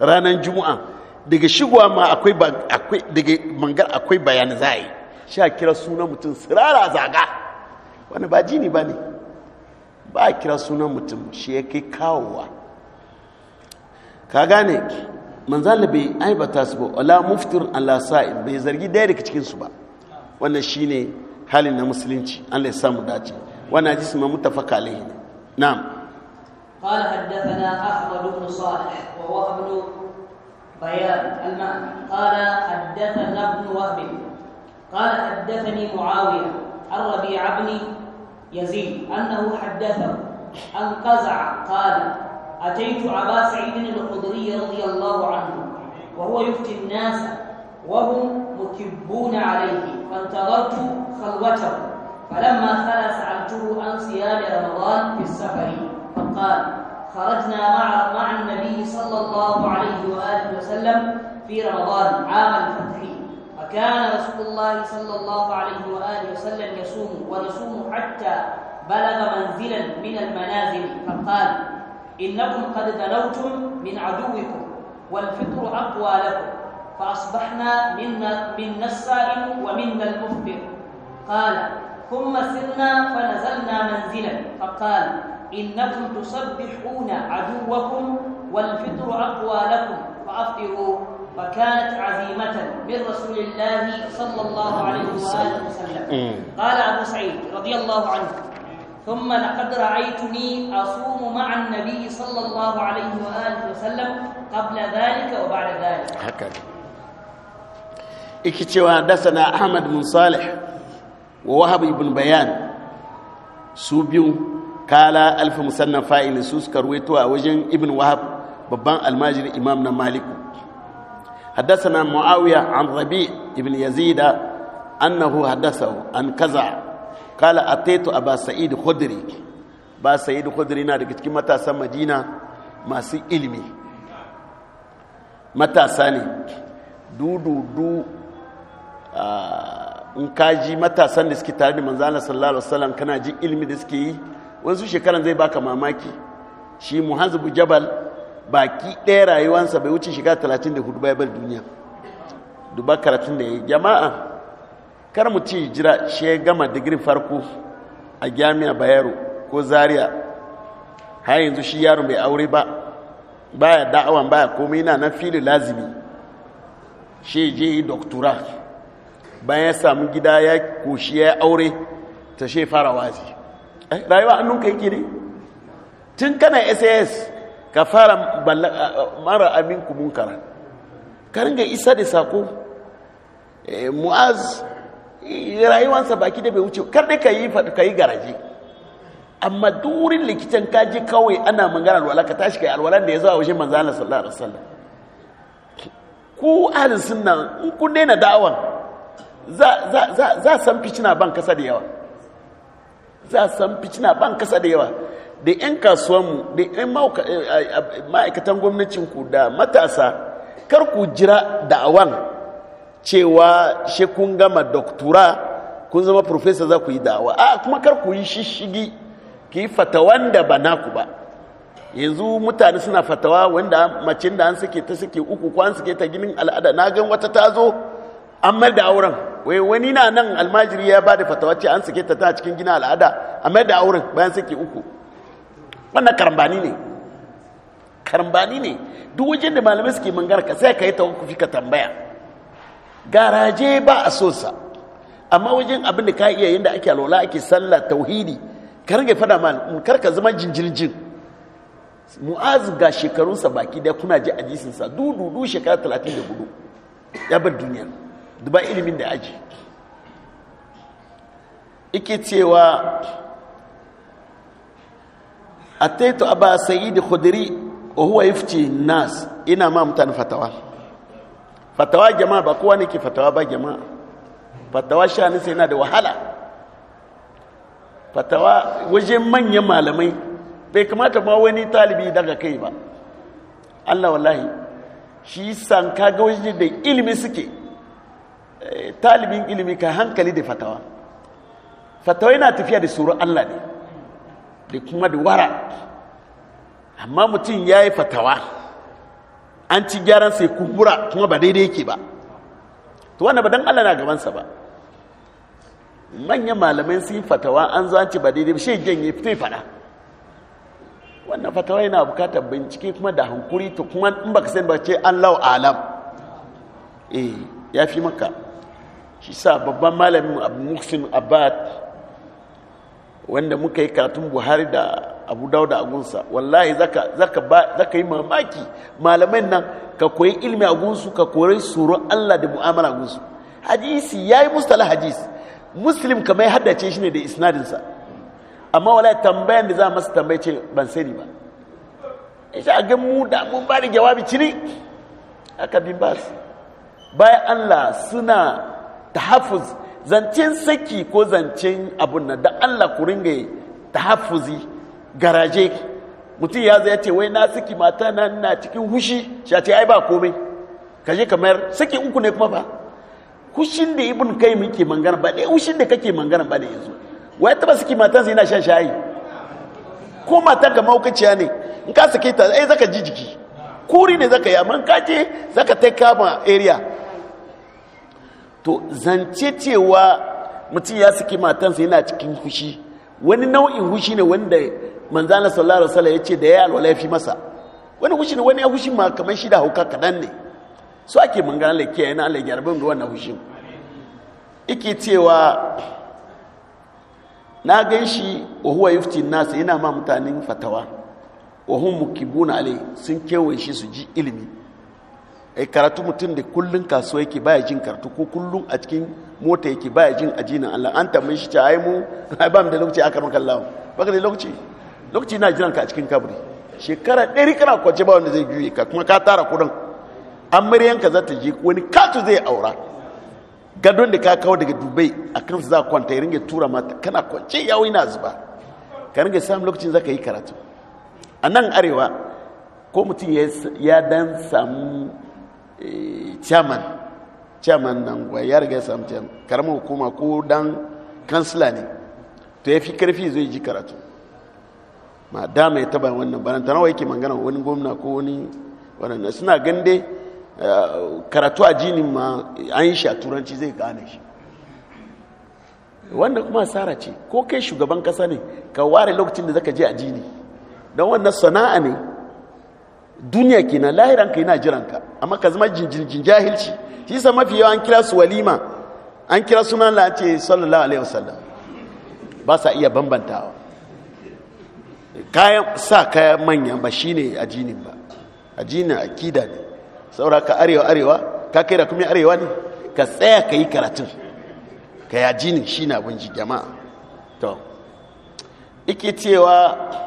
ranar juma'a daga shigowa ma akwai daga mangar akwai bayan za a yi sha kira sunan mutum sirara zaga wani ba jini ba ne ba a kira sunan mutum shi ya kai kawowa ka gane manzala bai aibata su ba ala muftir Allah sa'in bai zargi daya daga cikinsu ba wannan shine halin na musulunci an ya samu dace وانا جسم متفق عليه نعم قال حدثنا احمد بن صالح وهو ابن بيان المعنى قال حدثنا ابن وهب قال حدثني معاويه عن ربيع بن يزيد انه حدثه أن قزع قال اتيت ابا سعيد الخدري رضي الله عنه وهو يفتي الناس وهم مكبون عليه فانتظرت خلوته فلما خلى سعدته عن صيام رمضان في السفر فقال خرجنا مع مع النبي صلى الله عليه وآله وسلم في رمضان عام الفتح فكان رسول الله صلى الله عليه وآله وسلم يصوم ونصوم حتى بلغ منزلا من المنازل فقال إنكم قد دنوتم من عدوكم والفطر أقوى لكم فأصبحنا منا, منا الصائم ومنا المفطر قال ثم سرنا فنزلنا منزلا فقال إنكم تسبحون عدوكم والفطر أقوى لكم فأفطروا فكانت عزيمة من رسول الله صلى الله عليه وآله وسلم قال أبو سعيد رضي الله عنه ثم لقد رأيتني أصوم مع النبي صلى الله عليه وآله وسلم قبل ذلك وبعد ذلك هكذا اكتوى حدثنا أحمد بن صالح wahab ibn Bayyan. su biyu kala alfi musannan fa'ili su suka a wajen ibn wahab babban almajiri imam na maliku haddasa muawiya an rabi ibn yazida annahu haddasa an kala ataitu aba sa'id na daga cikin matasan madina masu matasa ne dududu a ah, in ka ji matasan da suke tare da manzo Allah sallallahu alaihi wasallam kana ji ilmi da suke yi wasu shekaran zai baka mamaki shi muhazibu jabal baki ɗaya rayuwansa bai wuce shiga talatin da hudu bar duniya duba karatun da ya yi jama'a kar mu ci jira shi gama digirin farko a jami'a bayero ko zaria har yanzu shi yaro mai aure ba baya da'awan baya komai na na fili lazimi shi je yi doktora bayan ya samu gida ya koshi ya aure ta she fara wazi eh, rayuwa annunka yake ne tun kana sas ka fara mara aminku munkara ka ringa isa da sako eh, mu'az eh, rayuwansa baki da bai wuce kar dai ka yi ka yi garaje amma durin likitan kaji kawai ana magana alwala ka tashi kai alwalan da ya zo a wajen manzo Allah sallallahu alaihi wasallam ku ahlus sunna in daina da'awan za san ficina ban kasa da yawa za san ficina ban kasa da yawa da 'yan kasuwanmu da 'yan eh, eh, eh, ma'aikatan ku da matasa kar ku jira da'awan cewa shi kun gama doktura kun zama profesa za ku yi da'awa a kuma kar ku yi shishigi ki fatawan da ba naku ba yanzu mutane suna fatawa wanda macin da an suke ta suke uku kwan suke ta ginin al'ada na gan wata ta zo an mayar da auren wai wani na nan almajiri ya ba da fatawa ce an sake ta ta cikin gina al'ada a da auren bayan suke uku wannan karambani ne karambani ne duk wajen da malamai suke mangara ka sai ka yi kufi ka tambaya garaje ba a so sa amma wajen abin da ka iya yin da ake alwala ake sallah tauhidi kar fada ma kar ka zama jinjirjin mu'az ga shekarunsa baki da kuna ji a jisinsa dududu shekara da 34 ya bar duniya duba ilimin da aji ike cewa a taito a ba sayi da kudiri wa huwa yifci nas ina ma mutane fatawa fatawa jama'a ba kowa ne ke fatawa ba jama'a fatawa ni sai yana da wahala fatawa waje manyan malamai bai kamata ma wani talibi daga kai ba allah wallahi shi san kaga waje da ilimi suke talibin ilimi ka hankali da fatawa fatawa yana tafiya da tsoron Allah ne da kuma da wara amma mutum ya yi fatawa an ci gyaran sai kumbura kuma ba daidai yake ba to wanda ba dan Allah na gabansa ba manyan malamai sun fatawa an zo an ci ba daidai ba shi ya fito fada wannan fatawa yana bukatar bincike kuma da hankuri to kuma in baka san ba ce lau alam eh ya fi maka shi sa babban malamin abu muksin abad wanda muka yi karatun buhari da abu dauda a gunsa wallahi zaka yi mamaki malamai nan ka koyi ilmi a ka koyi tsoro allah da mu'amala a gunsu hadisi ya yi mustala hadis muslim kama ya haddace shi ne da isnadinsa amma wala tambayan da za a masa tambaye ce ban sani ba isa a gan mu da mun ba da jawabi cini aka bin ba su bayan allah suna tahafuz zancen saki ko zancen abun nan da Allah ku ringa tahafuzi garaje mutum ya zai ce wai na saki mata na na cikin hushi shi ce ai ba komai kaje kamar saki uku ne kuma ba hushin da ibn kai muke mangana ba dai hushin da kake mangana ba ne yanzu wai taba saki mata sai yana shan shayi ko mata ga maukaciya ne in ka saki ta ai zaka ji jiki kuri ne zaka yi amma ka je zaka ta kama area to zance cewa mutum ya saki matansa yana cikin hushi wani nau'in hushi ne wanda manzana sallallahu alaihi wasallam ce da ya alwala fi masa wani hushi ne wani hushi ma kamar shi da hauka kadan ne so ake mangana lake yana Allah ya gyara da wannan hushin yake cewa na gan shi wa huwa yufti nasa yana ma mutanen fatawa wa hum mukibuna alai sun kewaye shi su ji ilimi ai eh, karatu mutum da kullun kasuwa yake baya jin karatu ko kullun a cikin mota yake baya jin ajinin Allah an tambaye shi ta ai mu ai ba mu da lokaci aka maka Allah baka da lokaci lokaci na jiran ka a cikin kaburi shekara ɗari kana kwace ba wanda zai juye ka kuma ka tara kudin amaryanka za ta je wani katu zai aura gadon da ka kawo daga dubai a kan za kwanta ya ringa tura mata kana kwance yawo yana zuba ka ringa samun lokacin za ka yi karatu a nan arewa ko mutum ya dan samu chairman chairman nan gwa ya riga sam chairman karamar hukuma ko dan kansila ne to ya fi karfi zai ji karatu ma dama ya taba wannan baranta nawa yake mangana wani gwamna ko wani wannan suna gande eh, karatu a jinin ma an yi shi a turanci zai gane shi wanda kuma Sara ce ko kai shugaban kasa ne ka ware lokacin da zaka je a jini don wannan sana'a ne duniya kenan lahiran ka yana jiran ka amma ka zama jinjin jahilci shi sa mafi yawa an kira su walima an kira sunan la ce sallallahu alaihi wasallam ba sa iya bambantawa kayan sa kaya manya ba shine ajinin ba a akida ne saura ka arewa arewa ka kai da kuma arewa ne ka tsaya ka yi karatun ka yi ajinin shi na abin jama'a to ike cewa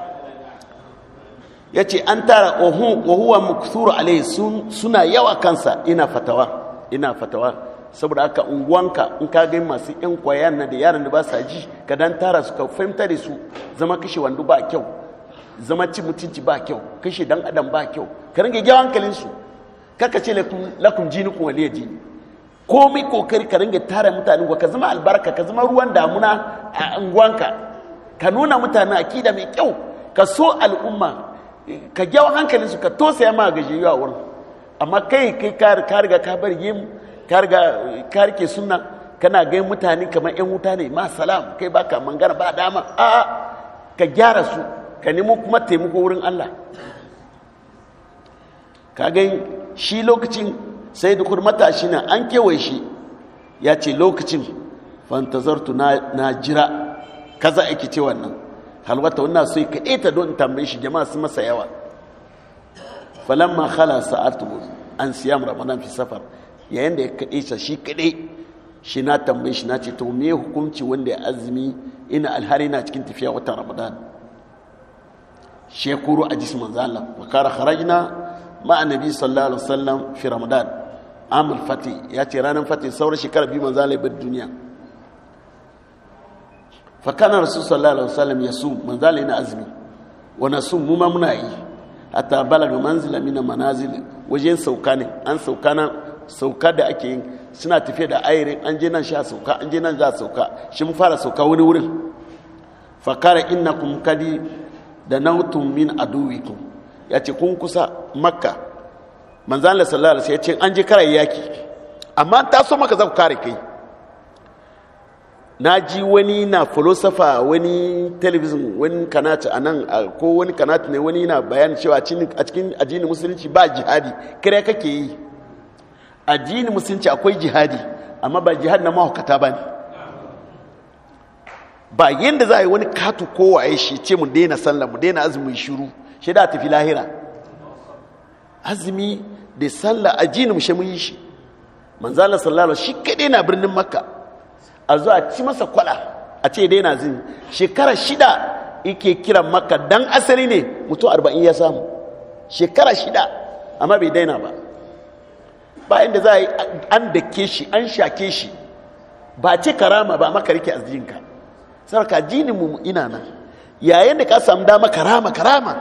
ya ce an tara wahuwa makusuru alai suna yawa kansa ina fatawa ina fatawa saboda aka unguwanka in ka gai masu yan kwayan na da yaran da ba sa ji ka dan tara su ka fahimta da su zama kashe wandu ba kyau zama ci mutunci ba kyau kashe dan adam ba kyau ka ringa gyawa hankalin su kaka ce lakum jinukum waliya jini komai kokari ka ringa tara mutanen ka zama albarka ka zama ruwan damuna a unguwanka ka nuna mutane akida mai kyau ka so al'umma ka gyawa su ka tosa ma gajiyu a wurin amma kai kai ka riga ka bar yin ka rike suna kana gai mutane kamar yan wuta ne ma salam kai ba ka mangana ba dama a ka gyara su ka nemo kuma taimako wurin Allah ka gai shi lokacin sai da matashi na an kewaye shi ya ce lokacin fantazartu na jira kaza ake ce wannan halwata wannan so ya ta don tambaye shi jama'a su masa yawa falamma khala sa'atu an siyam ramadan fi safar yayin da ya kaɗe sa shi kaɗe shi na tambaye shi na ce to me hukunci wanda ya azumi ina alhari na cikin tafiya watan ramadan shekuru a jisman zala wa kara kharajna ma annabi sallallahu alaihi wasallam fi ramadan amul fati ya ce ranar fati sauran shekara biyu manzala ya bar duniya fakana rasul sallallahu alaihi wasallam ya manzali na azmi azumi wa nasum mu ma muna yi hatta balaga manzila min manazil wajen sauka ne an sauka nan, sauka da ake yin suna tafiya da ayirin an je nan sha sauka an je nan za sauka shi mu fara sauka wani wurin fakara innakum kadi da nautum min aduwikum ya ce kun kusa makka manzali sallallahu alaihi wasallam ya ce an je kara yaki amma ta so maka za ku kare kai na ji wani na filosofa wani telebizin wani kanata a nan ko wani kanata ne wani na bayan cewa a cikin addinin musulunci ba jihadi kare kake yi jihar musulunci akwai jihadi amma ba jihadi na mahaukata ba ne ba yadda za a yi wani katu kowa ya shi ce mu daina sallah mu daina azumi shiru shi da tafi lahira azumi da sallah ajini mu shi mun yi shi manzala sallallahu shi kadai na birnin makka a zuwa ci masa kwala a ce dai na zini shekara shida yake kiran maka dan asali ne mutum arba'in ya samu shekara shida amma bai daina ba bayan da za a yi an dake shi an shake shi ba ce karama ba maka rike azijinka sarka jini mu ina nan yayin da ka samu dama karama karama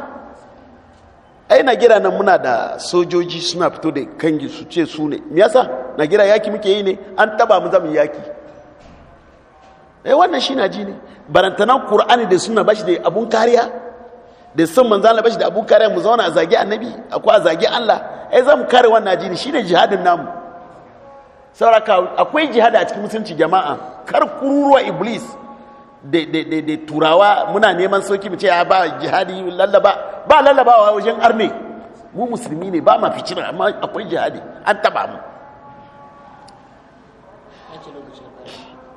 ai na gira nan muna da sojoji suna fito da kangi su ce su ne me yasa na gira yaki muke yi ne an taba mu zama yaki eh wannan shi na ji ne barantanan qur'ani da sunna bashi da abu kariya da sun manzan Allah bashi da abu kariya mu zauna a zagi annabi akwai a zagi Allah eh zamu kare wannan ji ne shine jihadin namu sauraka akwai jihada a cikin musulunci jama'a kar kururuwa iblis da turawa muna neman soki mu ce ya ah, ba jihadi lallaba ba lallabawa wajen arne mu musulmi ne ba ma ficira amma akwai jihadi an taba mu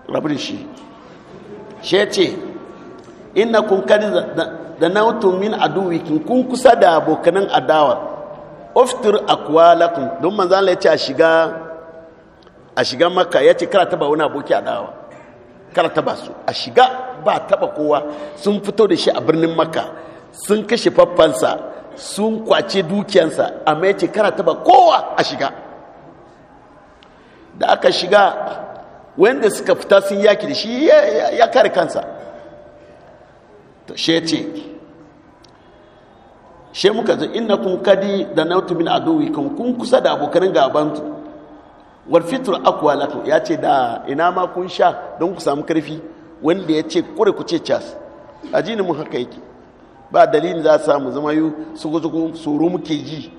rabin shi shi ce ina kunkari da nautun min duwikin kun kusa da abokanin adawar oftir akwalakun don manzan ya ce a shiga a shiga maka ya ce kara taba wani aboki adawa kara taba su a shiga ba taba kowa sun fito da shi a birnin maka sun kashe faffansa sun kwace dukiyansa amma ya ce kara taba kowa a shiga da aka shiga wanda suka fita sun yaki da shi ya kare kansa to she ce she muka zai ina kun kadi da nautu min adowi kan kun kusa da abokanin gabantu wal fitr aqwa ya ce da ina ma kun sha don ku samu karfi wanda ya ce kure ku ce cas jini mun haka yake ba dalilin za samu zama yi su ruru ke ji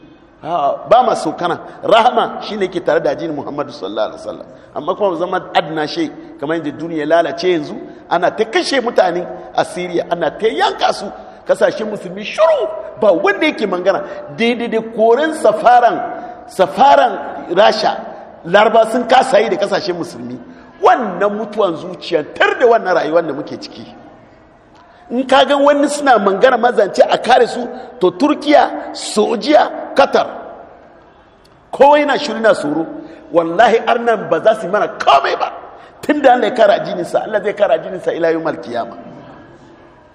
ba ma sokana rahama shine ke tare da ajin muhammadu sallallahu alaihi wasallam amma kuma zama adna she kamar yadda duniya lalace yanzu ana ta kashe mutane a syria ana ta yanka su kasashen musulmi shiru ba wanda yake mangana daidai da koren safaran safaran rasha larba sun kasa yi da kasashen musulmi wannan mutuwan zuciya tar da wannan rayuwar da muke ciki in ka ga wani suna mangana mazance a kare su to turkiya sojiya qatar kowai yana shuri na tsoro wallahi arnan ba za su mana komai ba tun da allah ya kara jininsa allah zai kara jininsa ila malkiyama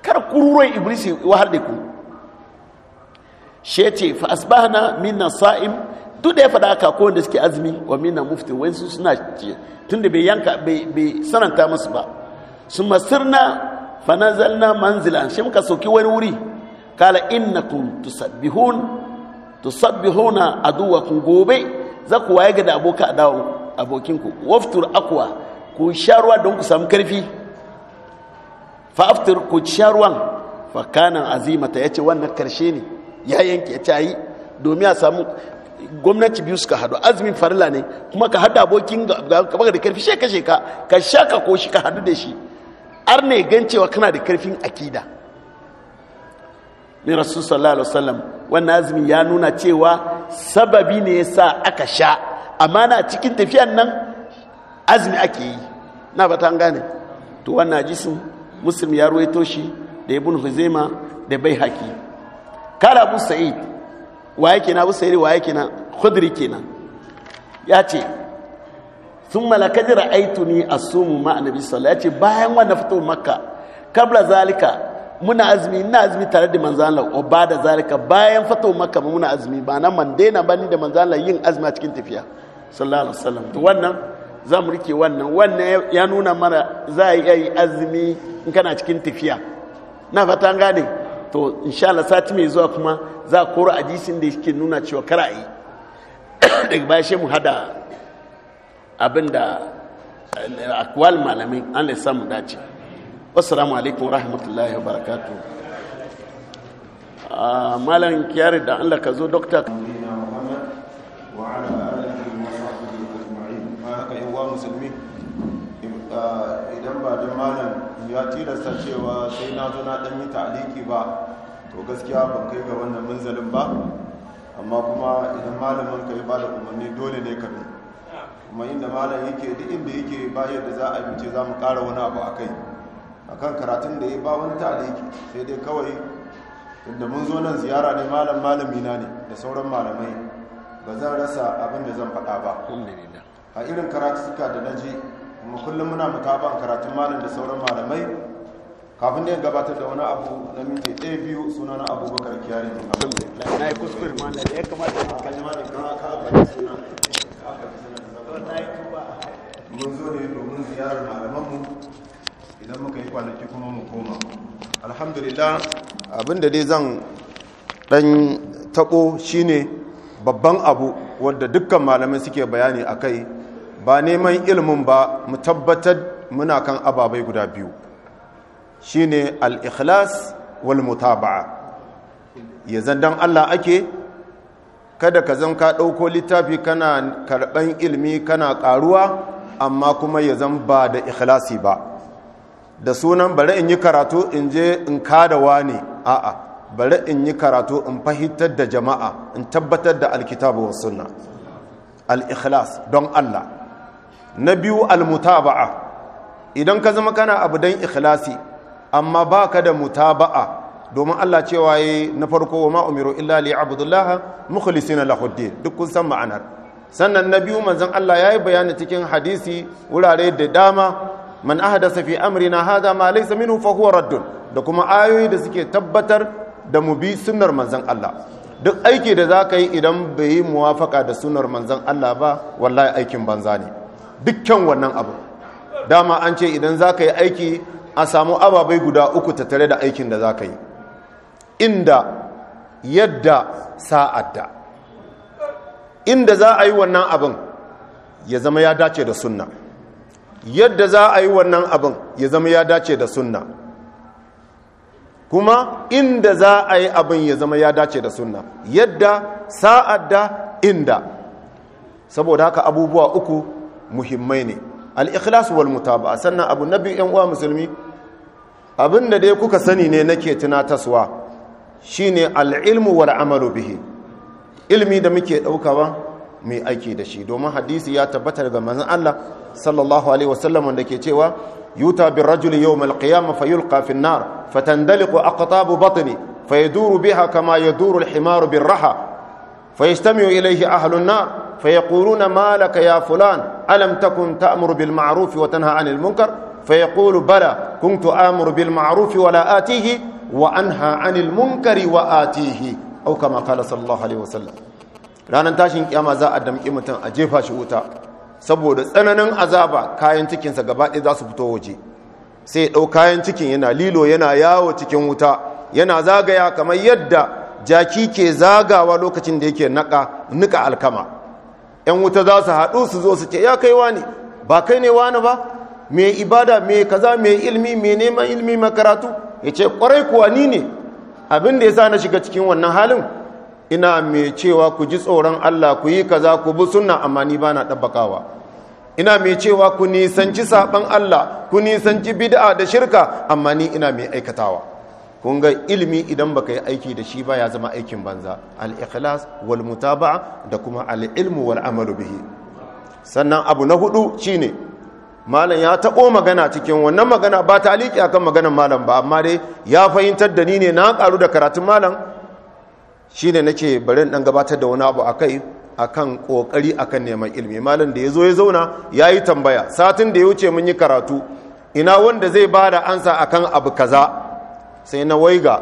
kar kururuwan iblis wahar da ku shece fa asbahna minna sa'im duk da ya faɗa haka ko wanda suke azumi wa minna mufti wani suna tun da bai yanka bai sananta masu ba su masirna fanazalna manzilan shi muka soki wani wuri kala innakum tusabbihun tusabbihuna aduwakum gobe za ku waye ga da aboka adawo abokinku waftur akwa ku sharuwa don ku samu karfi fa aftur ku sharuwan fa kana azimata yace wannan karshe ne ya yanke ya tayi domin a samu gwamnati biyu suka hadu azumin farila ne kuma ka hada abokin ga da karfi kashe ka ka shaka ko shi ka hadu da shi har ne gan cewa kana da karfin akida ne rasu sallallahu alaihi wasallam wannan azumi ya nuna cewa sababi ne yasa aka sha amma na cikin tafiyan nan azumi ake yi na ba ta gane to wannan hadisin muslim ya ruwaito shi da ibn huzaima da bai haki kala abu sa'id wa yake kenan abu sa'id yake kenan khudri kenan ya ce sun malakaji aitu ni a sumu ma annabi sallallahu ya ce bayan wanda fito maka kabla zalika muna azumi ina azumi tare da manzan o ba da zalika bayan fito maka muna azumi ba na man daina bani da manzan yin azumi a cikin tafiya sallallahu alaihi wasallam to wannan za mu rike wannan wannan ya nuna mana za a yi azumi in kana cikin tafiya na fata gane to insha Allah sati mai zuwa kuma za a koro hadisin da yake nuna cewa kara yi [coughs] daga baya mu hada abinda eh, akwal malami an le samu dace assalamu alaikum rahmatullahi wa barakatu ah, malam kiyari da allah ka zo dokta idan ba dan malam ya tilasta cewa sai na zo na dan yi ta'aliki ba to gaskiya ban kai ga wannan manzalin ba amma kuma idan malamin ka ya ba da umarni dole ne ka bi kuma inda malam yake duk inda yake bayar da za a yi za mu ƙara wani abu a kai a kan karatun da ya ba wani ta'aliki sai dai kawai inda mun zo nan ziyara ne malam malam ina ne da sauran malamai ba zan rasa abin da zan faɗa ba a irin karatu suka da na je kuma kullum muna ban karatun malam da sauran malamai kafin da ya gabatar da wani abu na minti ɗaya biyu suna na abubakar kiyari na yi kuskure malam ya kamata a kalli malam kan aka suna mun zo ne domin ziyarar malamanmu idan muka yi kwanaki kuma mu koma alhamdulillah abinda dai zan dan tabo shine babban abu wanda dukkan malamai suke bayani akai ba neman ilimin ba mu tabbatar muna kan ababai guda biyu shine al-ikhlas wal mutaba'a ya dan Allah ake kada ka zan ka ɗauko littafi kana karɓan ilimi kana ƙaruwa amma kuma ya zan ba da ikhlasi ba da sunan bari in yi karatu in je in kada wani a'a bari in yi karatu in fahimtar da jama'a in tabbatar da alkitabu wa sunna al-ikhlas don Allah na biyu al-mutaba'a idan ka zama kana abu don ikhlasi amma baka da mutaba'a domin Allah cewa yi na farko wa ma'umiru illa li abdullaha mukhlisina lahu duk kun san ma'anar sannan na biyu manzan Allah ya yi bayani cikin hadisi wurare da dama man ahdasa fi na haza ma laisa minu fahuwar raddun da kuma ayoyi da suke tabbatar da mu bi sunar manzan Allah duk aiki da za ka yi idan bai yi muwafaka da sunar manzan Allah ba wallahi aikin banza ne dukkan wannan abu dama an ce idan za ka yi aiki a samu ababai guda uku tattare da aikin da za ka yi inda yadda sa'adda inda za a yi wannan abin ya zama ya dace da sunna yadda za a yi wannan abin ya zama ya dace da sunna kuma inda za a yi abin ya zama ya dace da sunna yadda sa'ad da inda saboda haka abubuwa uku muhimmai ne al-ikhlas wal sannan abu nabi yan uwa musulmi abinda dai kuka sani ne nake tunataswa shine al-ilmu amalu bihi ilmi da muke dauka ba mai aiki da shi domin hadisi ya tabbata daga manzon Allah sallallahu alaihi wasallam wanda ke cewa yuta bir rajuli yawm al qiyamah fayulqa fi an-nar fatandaliqu aqtabu batni fayaduru biha kama yaduru al-himaru bir raha ilayhi ahlu an-nar ma فيجتمع إليه أهل النار فيقولون ما لك يا فلان ألم تكن تأمر بالمعروف bala kuntu amuru bil ma'ruf wa la atihi wa anha 'anil munkari wa atihi au kama kala sallallahu alaihi wasallam ranar tashin kiyama za a damki mutum a jefa shi wuta saboda tsananin azaba kayan cikinsa gaba ɗaya za su fito waje sai ya ɗau kayan cikin yana lilo yana yawo cikin wuta yana zagaya kamar yadda jaki ke zagawa lokacin da yake naka nika alkama ‘yan wuta za su haɗu su zo su ce ya kai wani ba kai ne wani ba mai ibada mai kaza mai ilmi mai neman ilmi makaratu ya ce ƙwarai kuwa ni ne abin da ya sa na shiga cikin wannan halin ina mai cewa ku ji tsoron Allah ku yi kaza ku bi sunna amma ni bana dabbakawa ina mai cewa ku nisanci saban Allah ku nisanci bid'a da shirka amma ni ina mai aikatawa kun ga ilimi idan baka yi aiki da shi ba ya zama aikin banza al-ikhlas wal mutaba'a da kuma al-ilmu wal amalu bihi sannan abu na hudu ne. malam ya taɓo magana cikin wannan magana ba ta aliki akan maganan malam ba amma dai ya fahimtar da ni ne na ƙaru da karatun malam Shi shine nake barin ɗan gabatar da wani abu akai ƙoƙari a akan neman ilimi malam da ya zo ya zauna ya yi tambaya satin da ya wuce mun yi karatu ina wanda zai ba da ansa a kan abu kaza sai na waiga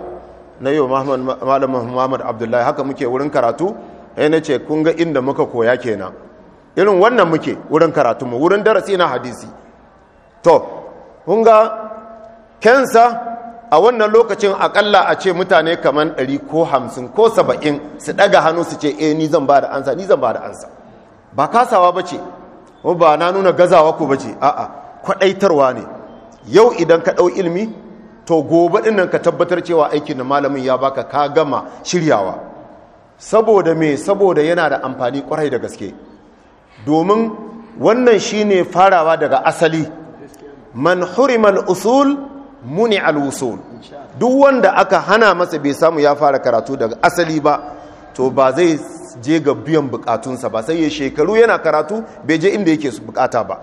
na yi wa malam Muhammad Abdullahi haka muke wurin karatu eh nace kun ga inda muka koya kenan irin wannan muke wurin mu wurin darasi na hadisi to hunga kensa a wannan lokacin akalla a ce mutane kaman 100 ko 50 ko 70 su daga hannu su ce eh ni zan ba da ansa ni zan ba da ansa ba kasawa ba ce ba na nuna gazawa ko ba ce a'a kwadaitarwa ne yau idan ka ɗau ilmi to gobe ɗinnan ka tabbatar cewa aikin na malamin ya baka ka gama shiryawa saboda me saboda yana da amfani kwarai da gaske domin wannan shi ne farawa daga asali man hurimal usul muni alwusul duk wanda aka hana masa bai samu ya fara karatu daga asali ba to ba zai je ga biyan bukatunsa ba sai ya shekaru yana karatu bai je inda yake bukata ba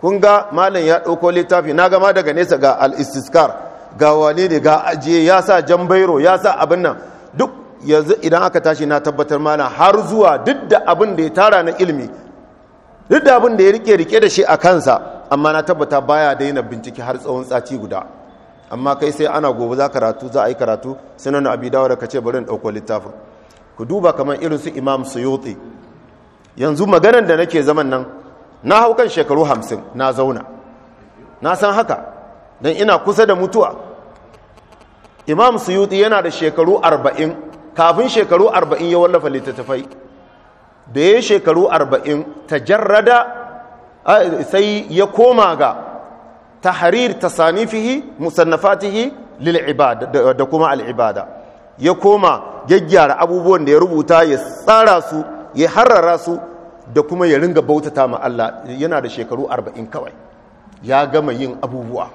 kun ga malam ya ɗauko littafi na gama daga nesa ga al-istiskar ga wane ne ga ajiye ya sa jan bairo ya sa abin nan duk yanzu idan aka tashi na tabbatar mana har zuwa duk da abin da ya tara na ilimi duk da abin da ya rike rike da shi a kansa amma na tabbata baya daina bincike har tsawon tsaci guda amma kai sai ana gobe za karatu za a yi karatu sunan abi dawo da kace bari in dauko littafin ku duba kamar irin su imam suyuti yanzu maganar da nake zaman nan na hau kan shekaru hamsin na zauna na san haka don ina kusa da mutuwa imam suyuti yana da shekaru arba'in kafin shekaru arba'in ya wallafa littattafai da ya shekaru arba'in jarrada, sai ya koma ga ta harir musannafatihi sanifihi musannafatihi da kuma al'ibada. ya koma gyaggyara abubuwan da ya rubuta ya tsara su ya harrara su da kuma ya ringa bautata ma Allah yana da shekaru arba'in kawai ya gama yin abubuwa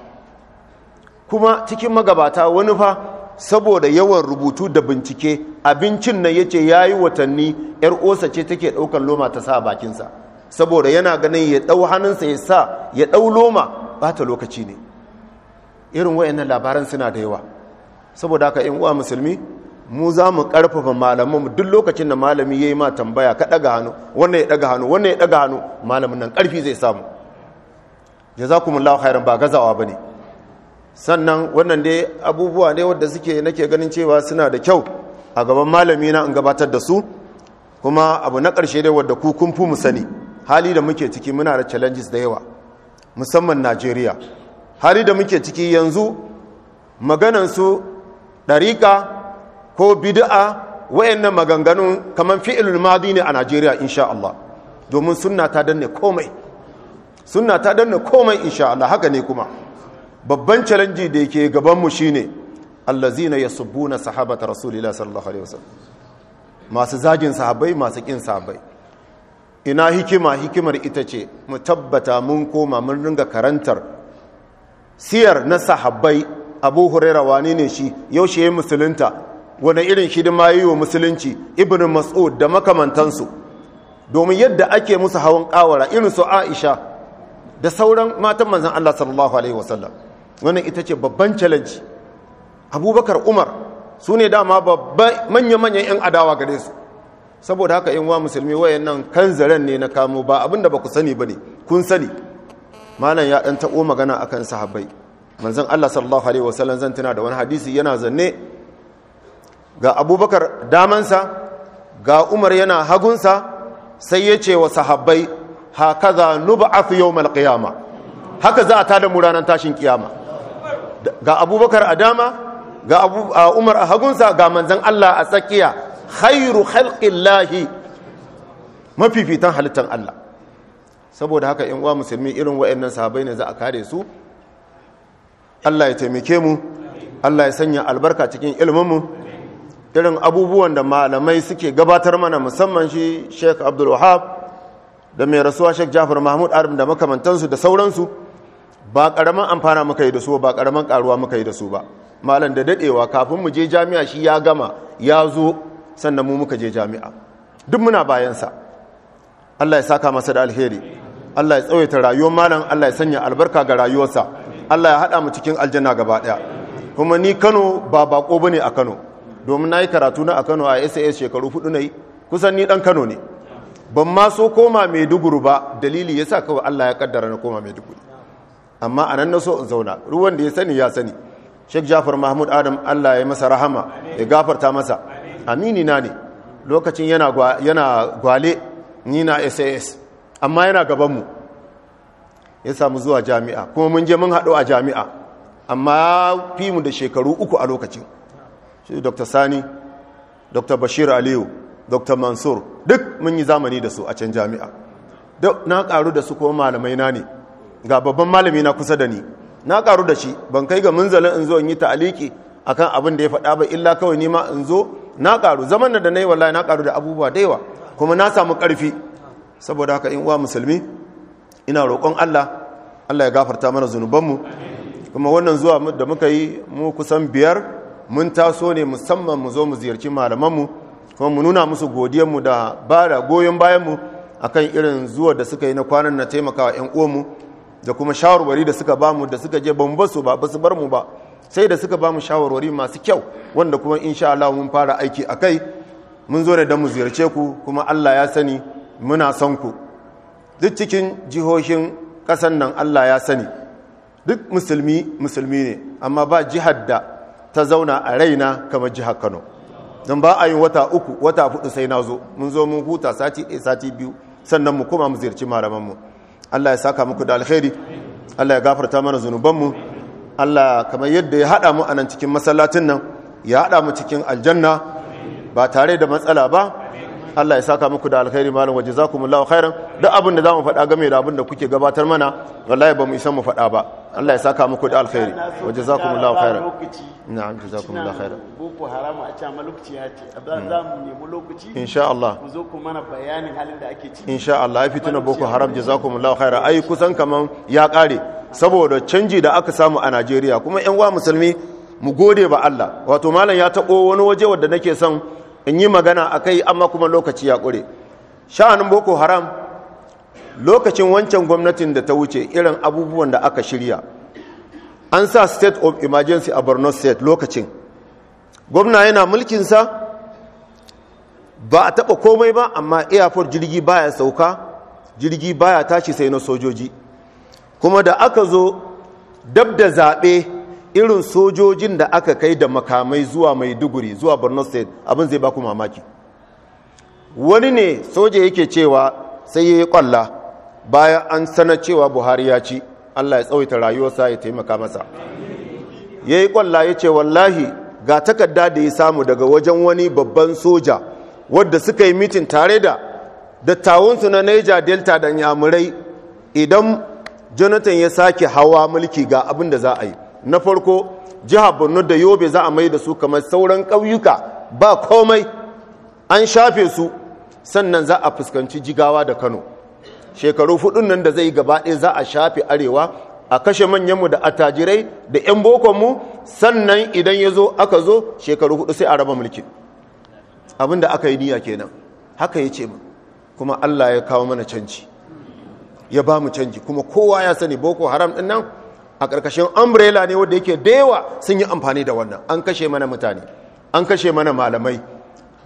kuma cikin magabata wani fa saboda yawan rubutu da bincike abincin nan yace yayi watanni yar osa ce take ɗaukan loma ta sa bakinsa saboda yana ganin ya dau hannunsa ya sa ya dau loma ba ta lokaci ne irin wayannan labaran suna da yawa saboda haka in uwa musulmi mu za mu karfafa mu duk lokacin da malami yayi ma tambaya ka ɗaga hannu wannan ya ɗaga hannu wannan ya ɗaga hannu malamin nan karfi zai samu jazakumullahu khairan ba gazawa bane sannan wannan dai abubuwa ne wadda suke nake ganin cewa suna da kyau a gaban malami na in gabatar da su kuma abu na ƙarshe dai wadda ku kun fi mu hali da muke ciki muna da challenges da yawa musamman najeriya hali da muke ciki yanzu maganansu ɗariƙa ko bid'a wayannan maganganun kamar fi'ilul madi ne a najeriya insha Allah domin sunna ta danne komai sunna ta danne komai insha haka ne kuma babban challenge da yake gaban mu shine allazina yasubbuna sahabata rasulillah sallallahu alaihi wasallam masu zagin sahabbai masu kin sahabbai ina hikima hikimar ita ce mu tabbata mun koma mun ringa karantar siyar na sahabbai abu huraira wani ne shi yaushe ya musulunta wani irin hidima yi wa musulunci ibn mas'ud da makamantansu domin yadda ake musu hawan kawara irin su aisha da sauran matan manzan allah sallallahu alaihi wasallam wannan ita ce babban challenge abubakar umar su ne dama manya-manyan 'yan adawa gare su saboda haka yin wa musulmi wayan nan kan zaren ne na kamo ba abinda ba ku sani ba ne kun sani malam ya ɗan taɓo magana akan sahabbai manzan allah sallallahu alaihi wasallam zan tuna da wani hadisi yana zanne ga abubakar damansa ga umar yana hagunsa sai ya ce wa sahabbai haka za nuba a yau malƙiyama haka za a tada mu ranar tashin kiyama ga abubakar a dama ga umar a hagunsa ga manzan Allah a tsakiya khairu lahi mafifitan halittar Allah saboda haka in wa musulmi irin waɗannan sahabai ne za a kare su Allah ya taimake mu Allah ya sanya albarka cikin ilminmu irin abubuwan da malamai suke gabatar mana musamman shi Sheik Abdul da mai rasuwa Sheik Jafar Mahmud Arim da makamantansu da sauransu ba karaman amfana muka yi da su ba karaman karuwa muka yi da su ba malam da daɗewa, kafin mu je jami'a shi ya gama ya zo sannan mu muka je jami'a duk muna bayansa Allah ya saka masa da alheri Allah ya tsawaita rayuwar malam Allah ya sanya albarka ga rayuwarsa Allah ya haɗa mu cikin aljanna gaba ɗaya. kuma ni Kano ba bako bane a Kano domin nayi karatu na a Kano a SAS shekaru hudu nayi kusan ni dan Kano ne ban ma so koma Maiduguri ba dalili yasa kawai Allah ya kaddara na koma Maiduguri amma a nan na so in zauna ruwan da ya sani ya sani shek jafar mahmud adam allah ya masa rahama ya gafarta masa amini na ne lokacin yana gwale ni na sas amma yana gabanmu ya samu zuwa jami'a kuma mun je mun haɗu a jami'a amma fi mu da shekaru uku a lokacin shi dr sani dr bashir aliyu dr mansur duk mun yi zamani da su a can jami'a na ƙaru da su kuma malamai na ne ga babban malami na kusa da ni na karu da shi ban kai ga munzalin in zo in yi ta'aliki akan abin da ya faɗa ba illa kawai nima in zo na karu zaman da na yi wallahi na karu da abubuwa da yawa kuma na samu ƙarfi saboda haka in uwa musulmi ina roƙon Allah Allah ya gafarta mana zunubanmu kuma wannan zuwa da muka yi mu kusan biyar mun taso ne musamman mu zo mu ziyarci malamanmu kuma mu nuna musu godiyanmu da ba da goyon bayanmu akan irin zuwa da suka yi na kwanan na taimakawa 'yan uwanmu da kuma shawarwari da suka bamu da suka je ban basu ba su bar mu ba sai da suka bamu shawarwari masu kyau wanda kuma insha Allah mun fara aiki akai mun zo da mu ziyarce ku kuma Allah ya sani muna son ku duk cikin jihohin kasan nan Allah ya sani duk musulmi musulmi ne amma ba jihar da ta zauna a raina kamar jihar Kano don ba a yi wata uku wata hudu sai na zo mun zo mun huta sati ɗaya sati biyu sannan mu kuma mu ziyarci malaman mu Allah ya saka muku da alkhairi Allah ya gafarta mana zunubanmu Allah kamar yadda ya haɗa mu anan cikin masallacin nan ya haɗa mu cikin aljanna ba tare da matsala ba Allah ya saka muku da alkhairi malam waje za kuma lawa khairan duk abin da za mu faɗa game da abin da kuke gabatar mana wallahi ba mu isa mu faɗa ba Allah ya saka muku da alkhairi waje za ku lawa khairan na'am jaza kuma lawa khairan boko haram a ce amma lokaci ya ce abin hmm. za mu nemi lokaci insha Allah mu zo ku mana bayanin halin da ake ciki insha Allah ya fituna boko haram jazakumullahu khairan ai kusan kaman ya kare saboda canji da aka samu a Najeriya kuma yan wa musulmi mu gode ba Allah wato malam ya taɓo wani waje wadda nake son in yi magana a kai amma kuma lokaci ya ƙure sha'anin boko haram lokacin wancan gwamnatin da ta wuce irin abubuwan da aka shirya an sa state of emergency a borno state lokacin gwamna yana mulkinsa ba a taɓa komai ba amma airport jirgi baya sauka jirgi baya tashi sai na sojoji kuma da aka zo dab da zaɓe irin sojojin da aka kai da makamai zuwa maiduguri zuwa borno state abin zai baku mamaki wani ne soja yake cewa sai ya yi kwalla bayan an sana cewa buhari ya ci allah ya tsawaita rayuwarsa ya taimaka masa ya yi kwalla ya ce wallahi ga takarda da ya samu daga wajen wani babban soja wadda suka yi mitin tare da dattawansu na niger delta da yamurai idan jonathan ya sake hawa mulki ga abin da za a yi na farko jiha borno da yobe za a mai da su kamar sauran ƙauyuka ba komai an shafe su sannan za a fuskanci jigawa da kano shekaru hudun nan da zai gabaɗe za a shafe arewa a kashe manyanmu da attajirai da 'yan bokonmu sannan idan ya zo aka zo shekaru hudu sai a raba mulki da aka yi niyya kenan haka ya ce kuma allah ya kawo mana canji ya ba mu canji kuma kowa ya sani boko haram ɗin nan a ƙarƙashin umbrella ne wanda yake dewa sun yi amfani da wannan an kashe mana mutane an kashe mana malamai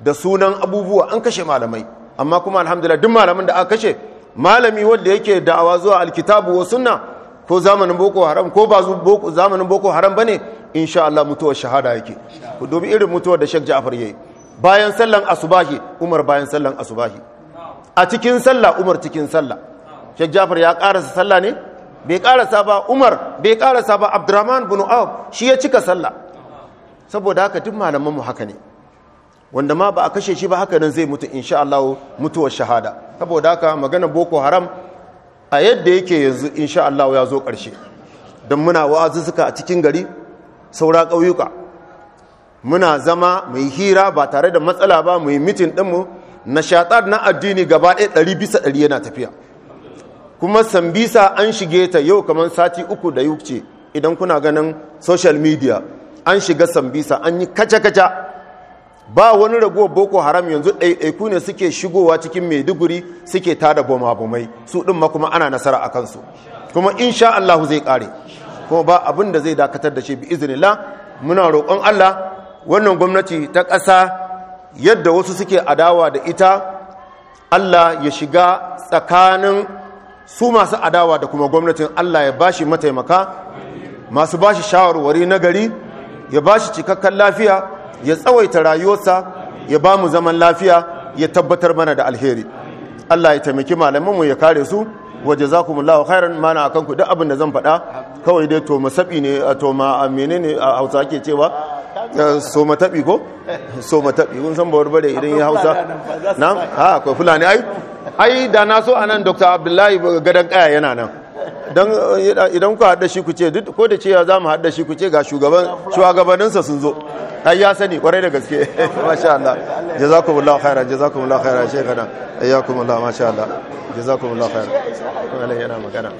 da sunan abubuwa an kashe malamai amma kuma alhamdulillah duk malamin da aka kashe malami wanda yake da'awa zuwa alkitabu wa sunna ko zamanin boko haram ko ba zamanin boko haram bane insha Allah mutuwar shahada yake ku dubi irin mutuwar da Sheikh Ja'far yayi bayan sallan asubahi Umar bayan sallan asubahi a cikin sallah Umar cikin sallah Sheikh Ja'far ya karasa sallah ne bai karasa ba umar bai karasa ba abdurrahman bin auf shi ya cika sallah saboda haka duk malaman mu haka ne wanda ma ba a kashe shi ba haka nan zai mutu insha Allah mutuwar shahada saboda haka magana boko haram a yadda yake yanzu insha Allah ya zo karshe don muna wa'azi suka a cikin gari saura ƙauyuka muna zama mai hira ba tare da matsala ba mai mitin ɗinmu na shatar na addini gaba ɗaya ɗari bisa ɗari yana tafiya kuma sambisa an shige ta yau kamar sati uku da yukce idan kuna ganin social media an shiga sambisa an yi kaca-kaca ba wani ragowar boko haram yanzu ɗaiɗaiku ne suke shigowa cikin maiduguri suke tada boma su ɗin ma kuma ana nasara a kansu kuma insha Allah zai ƙare kuma ba abin da zai dakatar da shi bi izinila muna roƙon Allah wannan gwamnati ta ƙasa yadda wasu suke adawa da ita Allah ya shiga tsakanin su masu adawa da kuma gwamnatin Allah ya bashi mataimaka masu bashi shawarwari na gari ya bashi cikakken lafiya ya tsawaita rayuwarsa ya ba mu zaman lafiya ya tabbatar mana da alheri Allah ya taimaki malamanmu ya kare su waje za ku mulawa khairan mana akan ku duk abin da zan faɗa kawai dai to masabi ne to ma menene a hausa ake cewa so mataɓi ko so mataɓi kun san bawar bare idan ya hausa nan ha akwai fulani ai ai da na so anan dr abdullahi gadon kaya yana nan eh, idan ku haɗa shi ku ce ko da ce ya za mu haɗa shi ku ce ga shugabanninsa sun zo ai ya sani kwarai da gaske [laughs] masha Allah jazakumullah khairan jazakumullah khairan shekana ayyakumullahu masha Allah jazakumullah khairan kuma yana magana